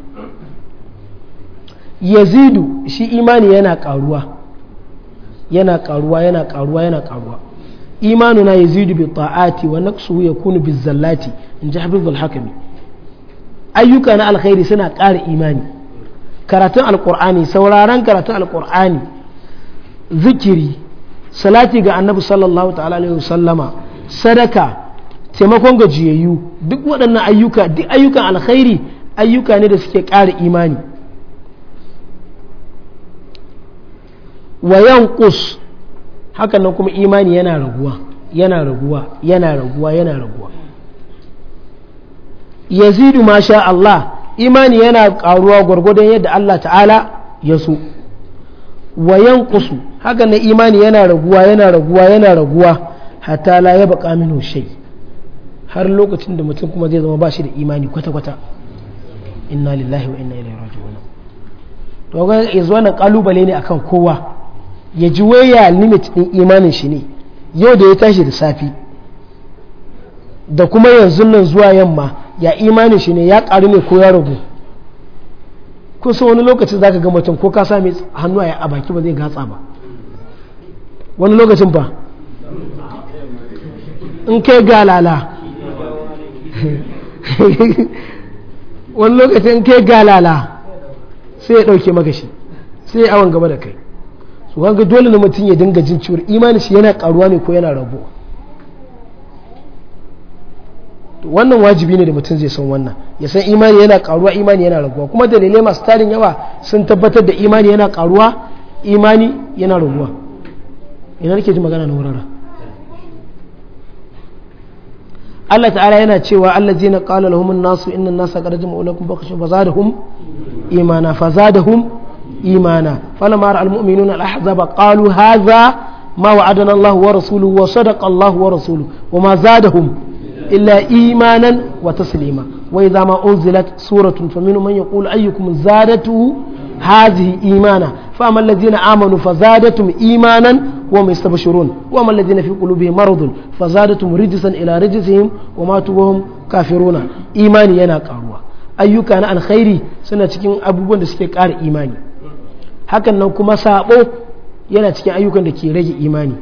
yazidu shi imani yana karuwa yana karuwa yana karuwa yana karuwa imanuna yazidu bi ta'ati wa ya kunu bi zallati in ji al hakimi ayyuka na alkhairi suna ƙara imani karatun alkur'ani sauraron karatun alkur'ani zikiri salati ga annabi sallallahu ta'ala alaihi wasallama sadaka taimakon gajiyayyu duk waɗannan ayyuka duk ayyukan alkhairi ayyuka ne da suke ƙara imani wa yankus hakan nan kuma imani yana raguwa yana raguwa yana raguwa yana raguwa yazidu masha Allah imani yana karuwa gwargwadon yadda Allah ta'ala ya so wa yankusu hakan nan imani yana raguwa yana raguwa yana raguwa hatta la ya baka minu shay har lokacin da mutum kuma zai zama ba shi da imani kwata kwata inna lillahi wa inna ilaihi raji'un to ga yanzu wannan kalubale ne akan kowa ya ji waya limit ɗin imanin shi ne yau da ya tashi da safi da kuma yanzu nan zuwa yamma ya imanin shi ne ya ƙaru ne ko ya ragu kun san wani lokacin zaka ga mutum ko ka sa mai hannu a baki ba zai gatsa ba wani lokacin ba in kai galala wani lokacin in kai galala sai ya ɗauke magashi sai ya awon gaba da kai to kaga dole ne mutum ya dinga jin ciwar imanin shi yana karuwa ne ko yana rabo wannan wajibi ne da mutum zai san wannan ya san imani yana karuwa imani yana raguwa kuma dalilai masu tarin yawa sun tabbatar da imani yana karuwa imani yana raguwa ina nake ji magana na wurara Allah ta'ala yana cewa Allah zai na kala lahumun nasu inna nasa qad jama'u lakum bakhshu fazadahum imana fazadahum إيمانا فلما رأى المؤمنون الأحزاب قالوا هذا ما وعدنا الله ورسوله وصدق الله ورسوله وما زادهم إلا إيمانا وتسليما وإذا ما أنزلت سورة فمنهم من يقول أيكم زادته هذه إيمانا فأما الذين آمنوا فزادتهم إيمانا وهم يستبشرون وأما الذين في قلوبهم مرض فزادتهم رجسا إلى رجسهم وماتوا وهم كافرون إيماني ينا قاروا أيوكا أنا الخيري سنة cikin abubuwan da suke ƙara imani hakan nan kuma sabo yana cikin ayyukan da ke rage imani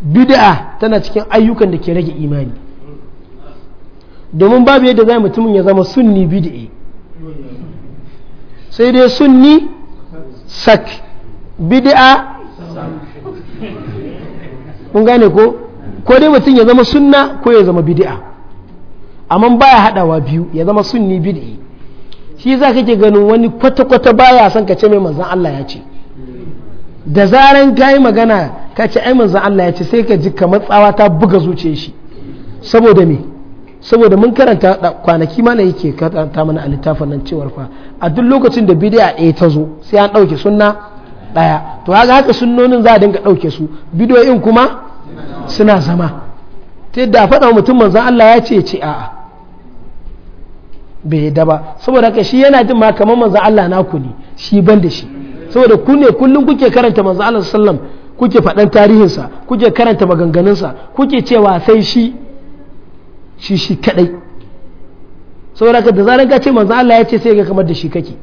bid'a tana cikin ayyukan da ke rage imani domin babu yadda zai mutumin ya zama sunni bid'a sai dai sunni sak bid'a kun gane ko ko dai mutum ya zama sunna ko ya zama bid'a amma baya hadawa biyu ya zama sunni bid'i shi za ka ke ganin wani kwata-kwata baya son ka ce mai manzan Allah ya ce da zaren ka yi magana ka ce ai manzan Allah ya ce sai ka ji kamar tsawa ta buga zuciya shi saboda me saboda mun karanta kwanaki mana yake karanta mana a littafin nan cewar fa a duk lokacin da bidiya ɗaya ta zo sai an ɗauke sunna ɗaya to haka haka sunnonin za a dinga ɗauke su bidiyoyin kuma suna zama ta yadda a faɗa mutum manzan Allah ya ce ce a'a bai yadda ba saboda haka shi yana jin ma kamar manzan Allah naku ne shi ban da shi saboda ku ne kullum kuke karanta manzan Allah sallam kuke faɗan tarihinsa kuke karanta sa kuke cewa sai shi shi shi kadai saboda haka da zaran ka ce manzan Allah ya ce sai ga kamar da shi kake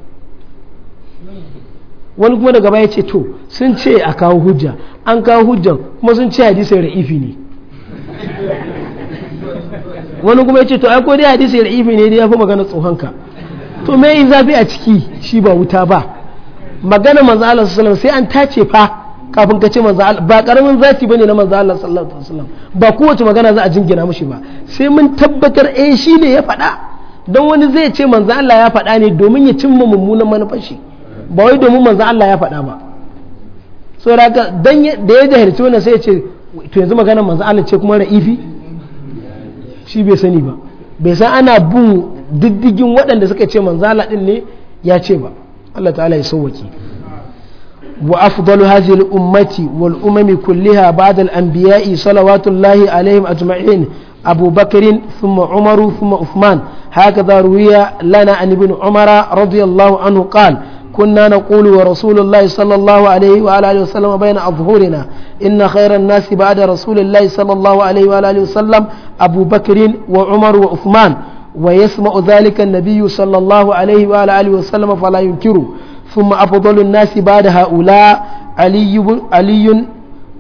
wani kuma daga baya ce to sun ce a kawo hujja an kawo hujjan kuma sun ce hadisai ra'ifi ne wani kuma ya ce to ai ko dai hadisi da'ifi ne dai ya fi magana tsohonka to me yi zafi a ciki shi ba wuta ba magana manzo Allah sallallahu sai an tace fa kafin ka ce manzo Allah ba karamin zafi bane na manzo Allah sallallahu alaihi wasallam ba kowace magana za a jingina mushi ba sai mun tabbatar eh shi ne ya faɗa don wani zai ce manzo Allah ya faɗa ne domin ya cimma mummunan manufar shi ba wai domin manzo Allah ya faɗa ba saboda da ya jahilci wannan sai ya ce to yanzu magana manzo Allah ce kuma ra'ifi shi bai sani ba bai san ana bin diddigin waɗanda suka ce manzala ɗin ne ya ce ba Allah ta'ala ya sauwaki wa afdalu hadhihi al-ummati wal umami kulliha ba'da al-anbiya'i salawatullahi alaihim ajma'in أبو بكر ثم عمر ثم عثمان هكذا روي لنا عن ابن عمر radiyallahu الله عنه كنا نقول ورسول الله صلى الله عليه وعلى آله وسلم بين أظهرنا إن خير الناس بعد رسول الله صلى الله عليه وعلى آله وسلم أبو بكر وعمر وعثمان ويسمع ذلك النبي صلى الله عليه وعلى آله وسلم فلا ينكره ثم أفضل الناس بعد هؤلاء علي, علي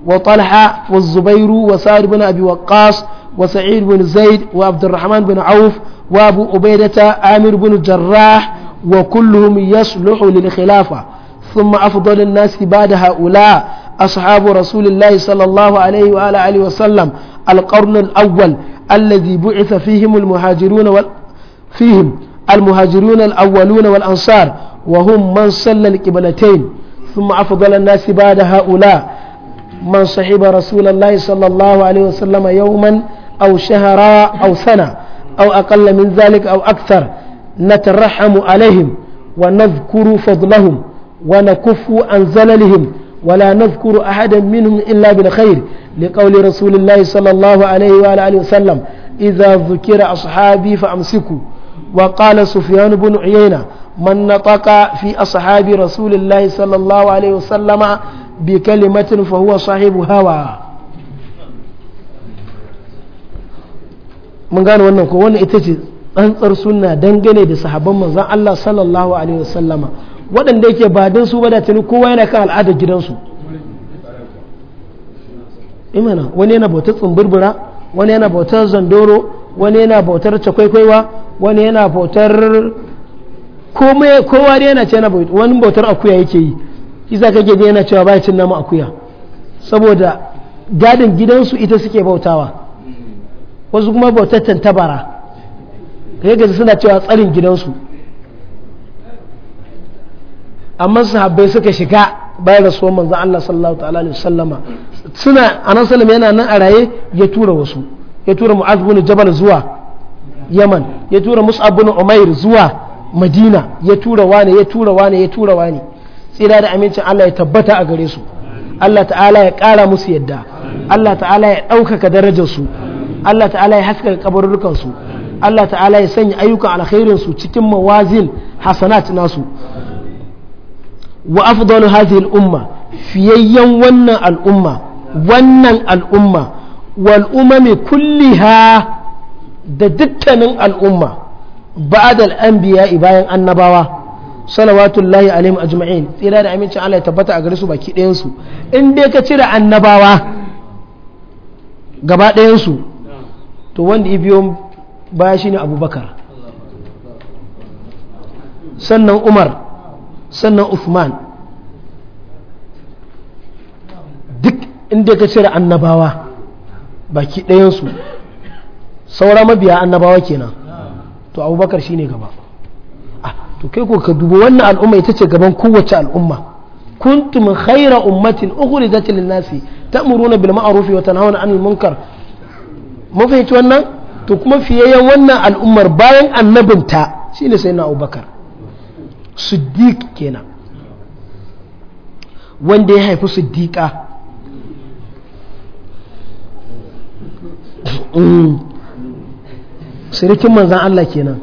وطلحة والزبير وسار بن أبي وقاص وسعيد بن زيد وعبد الرحمن بن عوف وأبو عبيدة عامر بن الجراح وكلهم يصلح للخلافة ثم أفضل الناس بعد هؤلاء أصحاب رسول الله صلى الله عليه وآله عليه وسلم القرن الأول الذي بعث فيهم المهاجرون وال... فيهم المهاجرون الأولون والأنصار وهم من صلى القبلتين ثم أفضل الناس بعد هؤلاء من صحب رسول الله صلى الله عليه وسلم يوما أو شهرا أو سنة أو أقل من ذلك أو أكثر نترحم عليهم ونذكر فضلهم ونكف عن زللهم ولا نذكر أحدا منهم إلا بالخير لقول رسول الله صلى الله عليه وآله وسلم إذا ذكر أصحابي فأمسكوا وقال سفيان بن عيينة من نطق في أصحاب رسول الله صلى الله عليه وسلم بكلمة فهو صاحب هوى من قال وانا ita ce tsantsar sunna dangane da sahabban manzon Allah sallallahu alaihi wasallama waɗanda yake ba dan su ba da tuni kowa yana kan al'adar gidansu imana wani yana bautar tsumburbura wani yana bautar zandoro wani yana bautar cakwaikwaiwa wani yana bautar komai kowa ne yana ce yana bautar wani bautar akuya yake yi isa kake ga yana cewa baya cin nama akuya saboda gadin gidansu ita suke bautawa wasu kuma bautar tantabara sai gaji suna cewa tsarin gidansu amma su sahabbai suka shiga bayan rasuwar manzon Allah sallallahu ta'ala alaihi wasallama suna nan sallama yana nan a raye ya tura wasu ya tura mu'az bin jabal zuwa yaman ya tura mus'ab bin umair zuwa madina ya tura wani ya tura wani ya tura wani tsira da amincin Allah ya tabbata a gare su Allah ta'ala ya kara musu yadda Allah ta'ala ya ɗaukaka darajarsu Allah ta'ala ya haska haskaka kabarurrukansu Allah ta'ala ya sanya ayyukan alkhairin su cikin mawazin hasanat nasu wa afdalu hadhihi al-umma fiyayyan wannan al'umma wannan al'umma wal umami kulliha da dukkanin al'umma ba'da al-anbiya bayan annabawa salawatullahi alaihim ajma'in tsira da amincin Allah ya tabbata a gare su baki ɗayan su in dai ka cire annabawa gaba ɗayan su to wanda ya biyo baya shine abubakar sannan umar sannan uthman duk inda ka cire annabawa baki ɗayansu saura mabiya annabawa kenan to abubakar shine gaba ah, to kai ko ka dubo wannan al'umma ita ce gaban kowace al'umma kuntum khaira ummatin ukhrijat lin nasi ta'muruna bil ma'ruf wa tanhauna 'anil munkar mun fahimci wannan to kuma fiyayyen wannan al'ummar bayan annabinta ne sai na abubakar siddiq kenan wanda ya haifi siddiqa mm. sirikin manzan Allah kenan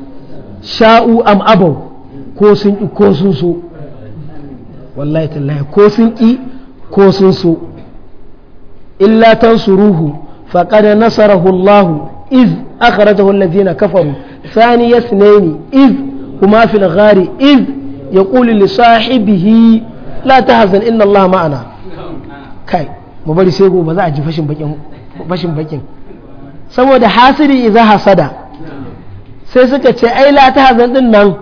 sha'u am abau ko sun ƙi ko sun so wallahi tallahi ko sun ƙi ko sun so illa tansuruhu faqad nasarahu Allahu iz akhrajahu alladhina kafaru thani yasnaini iz huma fil ghari iz yaqulu li sahibihi la tahzan inna allaha ma'ana mu bari sai gobe za a ji fashin bakin saboda hasiri idza hasada sai suka ce ai la tahzan din nan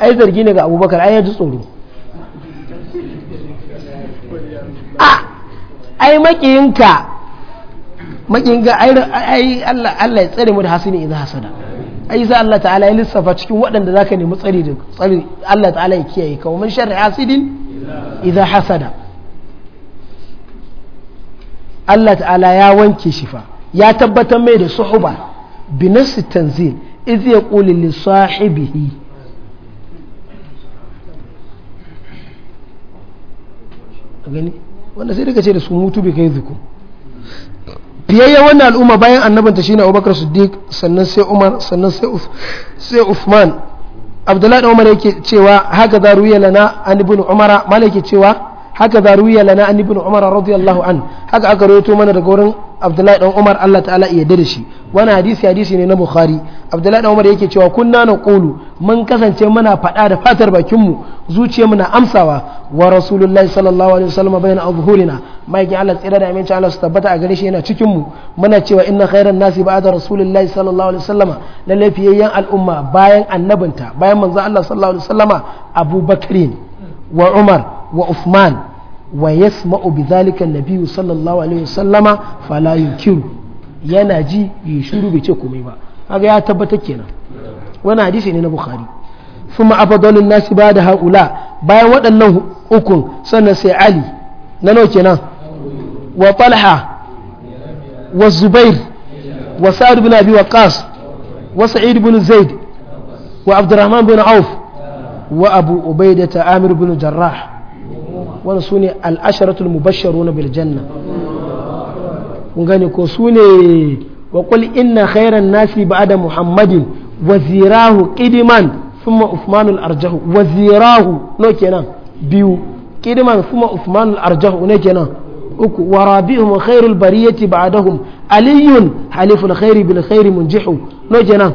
ai ga abubakar a ya ji tsoro a ai makiyinka makin ga ai Allah Allah ya tsare mu da hasini idan hasada ai za Allah ta'ala ya lissafa cikin waɗanda zaka nemi tsari da tsari Allah ta'ala ya kiyaye ka wa man sharri hasidin idan hasada Allah ta'ala ya wanke shi fa ya tabbatar mai da suhuba bi nafsi tanzil iz yaqulu li sahibihi gani wanda sai daga ce da su mutu bi kai zuku biyayyen wannan al'umma bayan annabinta shine abubakar siddiq sannan sai umar sannan sai uthman abdullahi da umar yake cewa haka za ruya lana an ibn umara mala yake cewa haka za ruwiya lana an ibn umar radiyallahu an haka aka rawaito mana daga wurin abdullahi dan umar Allah ta'ala ya yarda da shi wani hadisi hadisi ne na bukhari abdullahi dan umar yake cewa kunna kulu mun kasance muna faɗa da fatar bakin mu zuciyarmu na amsawa wa rasulullahi sallallahu alaihi wasallam bayna azhurina maikin Allah tsira da aminci Allah su tabbata a gare shi yana cikin mu muna cewa inna khairan nasi ba'da rasulullahi sallallahu alaihi wasallama lalle fiyayyan al'umma bayan annabinta bayan manzo Allah sallallahu alaihi wasallama abubakar wa umar wa Uthman wa yasma'u bidhalika an-nabiy sallallahu alaihi wasallama fala yunkiru yana ji yi shiru bai ce komai ba kaga ya tabbatar kenan wani hadisi ne na bukhari kuma afdalun nasi ba da haula bayan waɗannan ukun sannan sai ali na nawa kenan wa talha wa zubair wa sa'ad bin abi waqas wa sa'id bin zaid wa abdurrahman bin auf wa abu ubaidata amir bin jarrah wanda su ne al'asharatul mubasharu na biljanna kun gane ko su ne wa kul inna khairan nasi ba'da muhammadin wa zirahu qidiman thumma uthmanul arjahu zirahu no kenan biyu qidiman thumma uthmanul arjahu ne kenan uku wa rabihum khairul bariyati ba'dahum aliyun haliful khairi bil khairi munjihu no kenan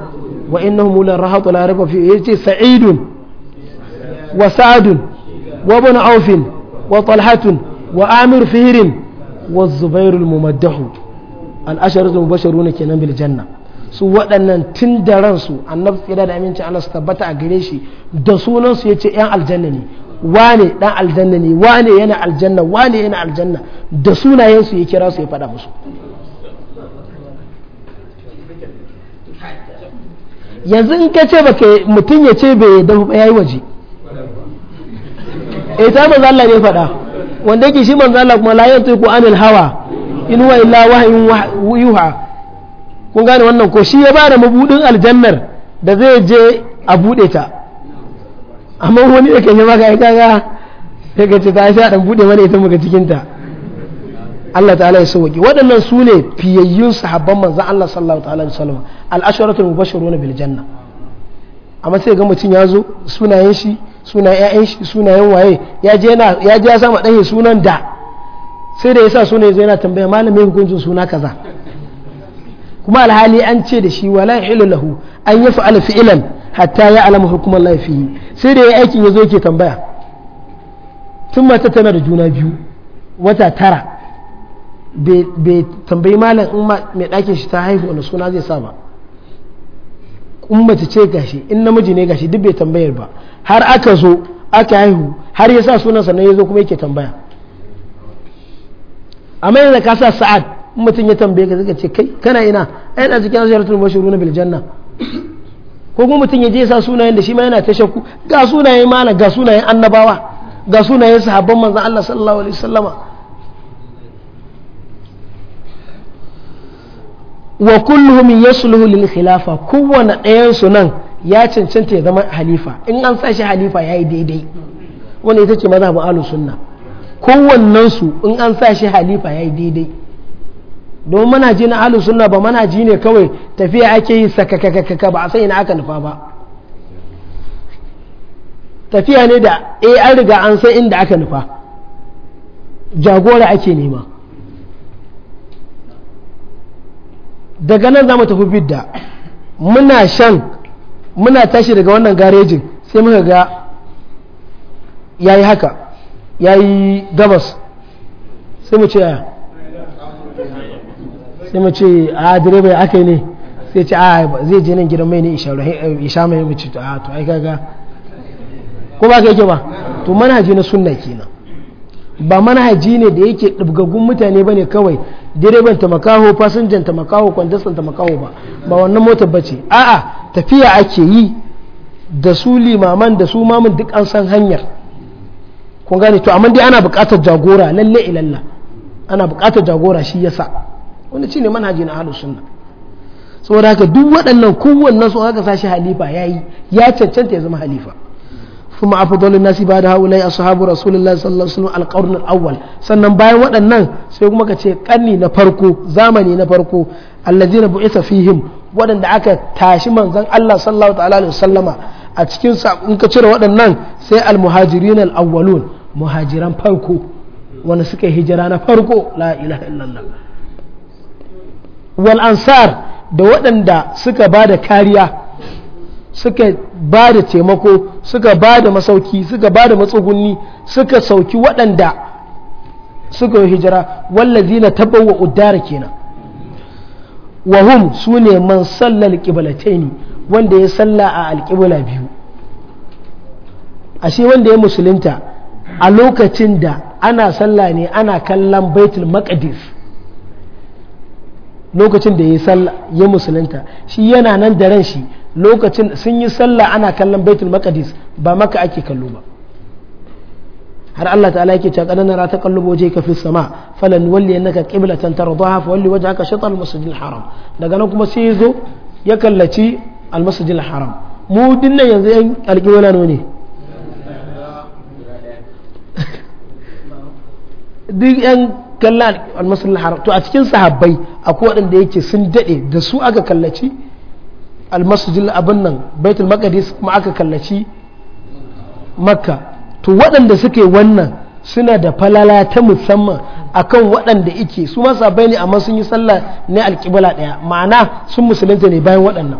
wa innahum la rahatu la raba fi yace sa'idun wa sa'adun wa ibn awfin وطلحة وآمر فهر والزبير الممدح الأشرة المبشرون كنا بالجنة su waɗannan tun da ransu annabi tsira da amincin Allah su tabbata a gare shi da sunansu ya ce ‘yan aljanna ne wane ɗan aljanna ne wane yana aljanna wane yana aljanna da sunayensu ya kira su ya faɗa musu yanzu in ka ce baka mutum ya ce bai dahu ba yi waje eh ta manzo Allah ne faɗa wanda yake shi manzo Allah kuma la yantiqu anil hawa in huwa illa wahyun yuha kun gane wannan ko shi ya ba da mabudin aljannar da zai je a bude ta amma wani da kan yaba ga kaga sai ka ce ta sha dan bude mana ita muka cikin ta Allah ta'ala ya sauki waɗannan su ne fiyayyun sahabban manzon Allah sallallahu ta'ala alaihi wasallam al-asharatul mubashshiruna bil janna amma sai ga mutun ya zo sunayen shi suna ƴaƴan shi sunayen waye ya je ya sa sama ɗaya sunan da sai da ya yasa suna yazo yana tambaya malamin hukuncin suna kaza kuma alhali an ce da shi wala ilu lahu an yi fa’ala fi'ilan hatta ya alama hukumar laifi sai da ya aikin ya zo ke tambaya tun mata tana da juna biyu wata tara bai tambayi malam in mai ɗakin shi ta haihu wani suna zai sa ba in mace ce gashi in namiji ne gashi duk bai tambayar ba har aka zo aka haihu har ya sa sunan sannan ya zo kuma yake tambaya amma yanzu ka sa sa'ad in mutum ya tambaye ka zaka ce kai kana ina ai na cikin ziyaratul bashiruna bil janna ko kuma mutum ya je sa sunayen da shi ma yana ta shakku ga sunayen mana ga sunayen annabawa ga sunayen sahabban manzon Allah sallallahu alaihi wasallama wa kulluhum yasluhu lil khilafa kowanne ɗayan su nan ya cancanta ya zama halifa in an sa shi halifa yayi daidai wanda ita ce mazhabin ahlus sunna kowannen su in an sa shi halifa yayi daidai don manhaji na ahlus sunna ba manhaji ne kawai tafiya ake yi sakakakaka ba a san ina aka nufa ba tafiya ne da eh an riga an san inda aka nufa jagora ake nema daga nan za mu tafi bidda muna shan muna tashi daga wannan garejin sai muka ga ya yi haka ya yi gabas sai mu ce a sai mu ce a direba ya aka yi ne sai ce a zai je nan gidan mai ne isha eh, mai mu a to ai kaga ko ba ka yake ba to manhaji na sunna kenan ba manhaji ne da yake ɗabgaggun mutane ba ne kawai direban ta makaho fasinjan ta makaho kwandasan ta makaho ba ba wannan motar ba ce a'a tafiya ake yi da su limaman da su mamun duk an san hanyar kun gane to amma dai ana buƙatar jagora lalle ilalla ana buƙatar jagora shi yasa wanda shine manhaji na ahlus sunna saboda haka duk waɗannan kowannen su aka sashi halifa yayi ya cancanta ya zama halifa ثم أفضل الناس بعد هؤلاء أصحاب رسول الله صلى الله عليه وسلم القرن الأول sannan bayan waɗannan sai kuma ka ce karni na farko zamani na farko allazina bu'isa fihim waɗanda aka tashi manzon Allah sallallahu ta'ala alaihi wasallama a cikin in ka cire waɗannan sai almuhajirin alawwalun muhajiran farko wanda suka hijira na farko la ilaha illallah wal ansar da waɗanda suka da kariya suka ba da taimako suka ba da masauki suka ba da matsugunni suka sauki waɗanda suka yi hijira wallazi na tabawa uddara kenan wahum su ne man sallar ne wanda ya salla a alƙibla biyu ashe wanda ya musulunta a lokacin da ana sallah ne ana kallon baitul maqdis lokacin da ya musulunta shi yana nan da ran shi lokacin sun yi sallah ana kallon baitul maqdis ba maka ake kallo ba har Allah ta'ala yake cewa qadana ra taqallubu wajhika fi sama falan walli annaka qiblatan tardaha fa walli wajhaka shatr al-masjid al-haram daga nan kuma sai zo ya kallaci al-masjid al-haram mu dinnan yanzu yan alƙiwala ne duk yan kallon al-masjid al-haram to a cikin sahabbai akwai waɗanda yake sun dade da su aka kallaci almasjidil abin nan baitul maqdis kuma aka kallaci makka to waɗanda suke wannan suna da falala ta musamman akan waɗanda ike su ma sabai ne amma sun yi sallah ne alƙibla ɗaya ma'ana sun musulunta ne bayan waɗannan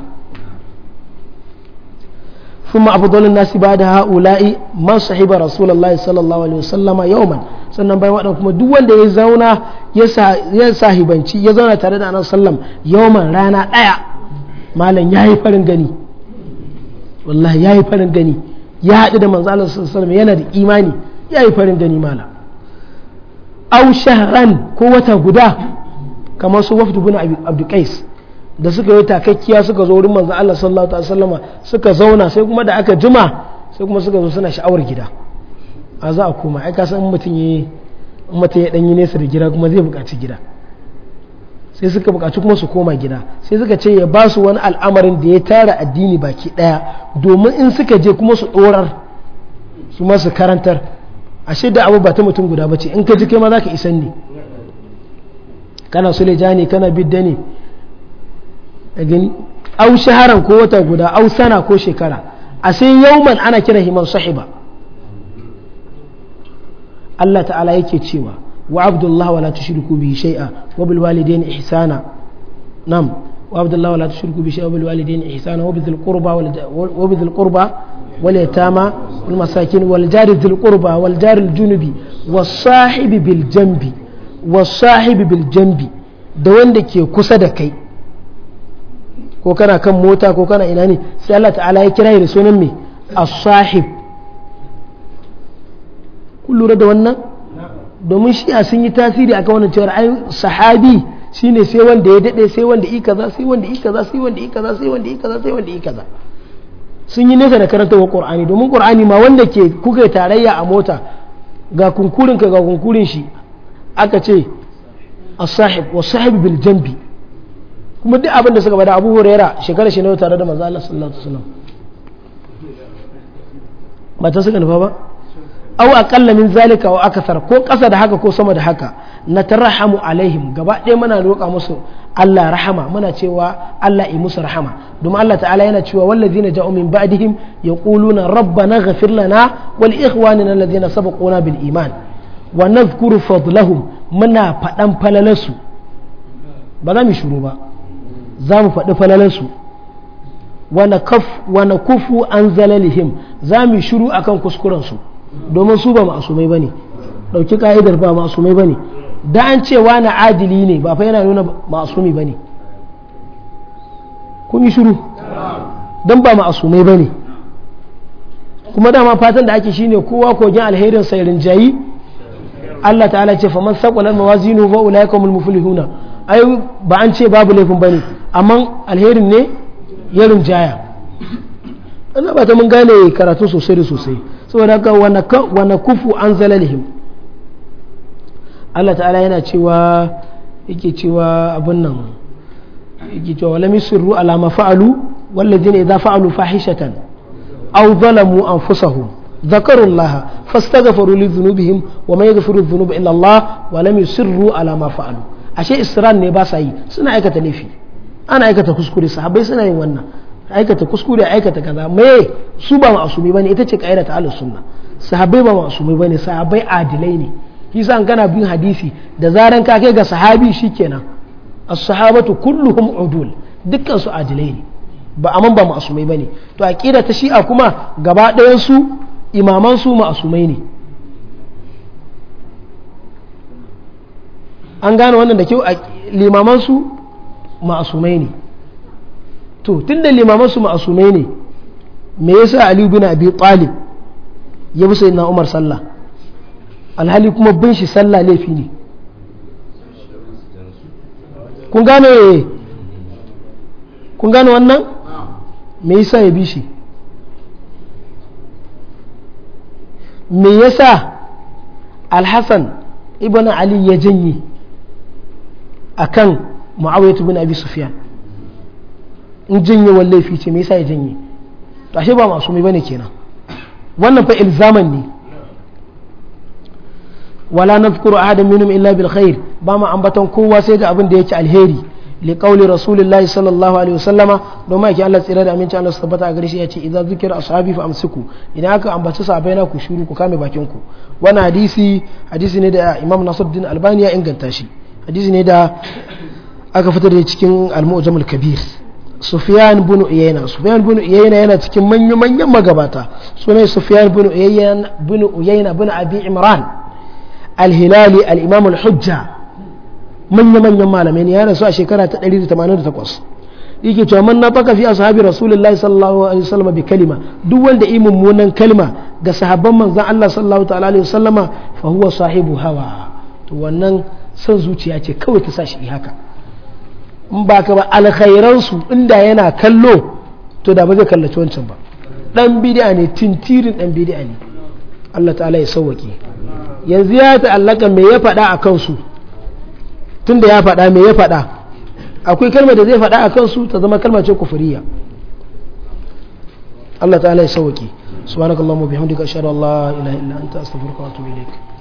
ثم أفضل الناس بعد هؤلاء من صحب رسول الله صلى الله عليه وسلم يوما sannan bayan waɗanda kuma duk wanda ya zauna ya sahibanci ya zauna tare da annabi sallam yawman rana ɗaya malam ya yi farin gani wallahi ya yi farin gani ya haɗu da manzalar sassan yana da imani ya yi farin gani malam au shahran ko wata guda kamar su wafdu bin abdul qais da suka yi takakkiya suka zo wurin manzo Allah sallallahu alaihi wasallama suka zauna sai kuma da aka jima sai kuma suka zo suna sha'awar gida a za a koma ai ka san mutum ya mutum ya danyi nesa da gida kuma zai buƙaci gida sai suka bukaci kuma su koma gida sai suka ce ya ba su wani al'amarin da ya tara addini baki ɗaya domin in suka je kuma su dorar su masu karantar ashe da abu ba ta mutum guda bace in ka ji kai ma za ka isan ni. kana suleja ne kana bidda ne au shaharan ko wata guda au sana ko shekara a yau yauman ana kira himan sahiba Allah ta'ala yake cewa وعبد الله ولا تشركوا به شيئا وبالوالدين إحسانا نعم وعبد الله ولا تشركوا به شيئا وبالوالدين إحسانا وبذي القربى وبذي القربى واليتامى والمساكين والجار ذي القربى والجار الجنبي والصاحب بالجنب والصاحب بالجنب da wanda ke kusa da kai ko kana kan mota ko kana ina ne sai Allah ta'ala ya kira da sunan mai as-sahib kun lura da wannan domin shi'a sun yi tasiri akan wannan cewar ai sahabi shine sai wanda ya dade sai wanda yi kaza sai wanda yi kaza sai wanda yi kaza sai wanda yi kaza sai wanda yi kaza sun yi nesa da wa qur'ani domin qur'ani ma wanda ke kuka tarayya a mota ga kunkurin ka ga kunkurin shi aka ce as-sahib wa sahib bil janbi kuma duk abin da suka bada Abu Huraira shekara shi ne tare da manzo Allah sallallahu alaihi wasallam ba ta suka nufa ba aw aqalla min zalika aw akthar ko ƙasa da haka ko sama da haka natarhamu alaihim gaba ɗaya muna roƙa musu Allah rahama muna cewa Allah yi musu rahama domin Allah ta'ala yana cewa wallazina ja'u min ba'dihim yaquluna rabbana ghafir lana wal ikhwanina allazina sabaquna bil iman wa nadhkuru fadlahum muna fadan falalarsu ba za mu shuru ba za mu faɗi falalarsu wa nakuf wa nakufu an zalalihim za mu shuru akan kuskurensu su domin su ba masumai bane dauki ka'idar ba masumai bane da an ce wani adili ne ba fa yana nuna masumi bane kun yi shiru don ba masumai bane kuma dama fatan da ake shine kowa kogin alherin sai jayi. Allah ta'ala ce faman saqulan mawazinu fa ulaikumul muflihuna ai ba an ce babu laifin bane amma alherin ne yarin jaya. ina ba ta mun gane karatu sosai da sosai saboda ka wana kufu an zalalihim Allah ta'ala yana cewa yake cewa abin nan yake cewa wala misirru ala ma fa'alu wallazina idza fa'alu fahishatan aw zalamu anfusahum ذكروا الله فاستغفروا لذنوبهم وما يغفر الذنوب الا الله ولم يصروا على ما فعلوا ashe isran ne ba sa yi suna aikata laifi ana aikata kuskure sahabbai suna yin wannan aikata kuskure aikata kaza me su ba ma'asumi bane ita ce kaida ta ahlus sunna sahabbai ba ma'asumi bane sahabbai adilai ne sa an kana bin hadisi da zaran ka kai ga sahabi shikenan as-sahabatu kulluhum udul dukkan su adilai ne ba aman ba ba bane to aqida ta shi'a kuma gaba ɗayan su imaman su ma'asumai ne an gane wannan da kyau limaman su ma'asumai ne to tunda limaman su ma'asumai ne me yasa Ali bin Abi Talib ya bi sayyidina Umar sallah alhali kuma bin shi sallah laifi ne kun gane kun gane wannan me yasa ya bi shi me yasa alhassan ibn ali ya janye akan muawiyah bin abi sufyan in janyewar laifi ce me yasa ya janye to ashe ba masu mai bane kenan wannan fa ilzaman ne wala nadhkuru ahadan minhum illa bil khair ba ma ambaton kowa sai da abin da yake alheri li qawli rasulillahi sallallahu alaihi wasallama domin yake Allah tsira da aminci Allah tabbata a gare shi yace idza zikira ashabi fa amsiku idan aka ambaci sahabbai na ku shiru ku kame bakin ku wannan hadisi hadisi ne da Imam Nasiruddin Albani ya inganta shi hadisi ne da aka fitar da cikin al mujamul kabir Sufiyan bin Uyayna sufiyan bin Uyayna yana cikin manyan manyan magabata sunan Sufyan bin Uyayna bin Uyayna bin Abi Imran al-Hilali al-Imam al-Hujja manyan manyan malamai ne ya rasu a shekara ta 188 yake cewa man nafaka fi ashabi rasulullahi sallallahu alaihi wasallam bi kalima duk wanda yi mummunan kalma ga sahabban manzon Allah sallallahu ta'ala alaihi wasallama fa huwa sahibu hawa to wannan san zuciya ce kawai ta sashi haka in ba ka ba alkhairansu inda yana kallo to da ba zai kallaci wancan ba dan bid'a ne tintirin dan bid'a ne Allah ta'ala ya sauwake yanzu ya ta'allaka me ya faɗa a kansu tunda ya faɗa me ya faɗa akwai kalmar da zai faɗa a kansu ta zama kalmar ce kufuriya Allah ta'ala ya sauwake subhanakallahumma bihamdika ashhadu an la ilaha illa anta astaghfiruka wa atubu ilaik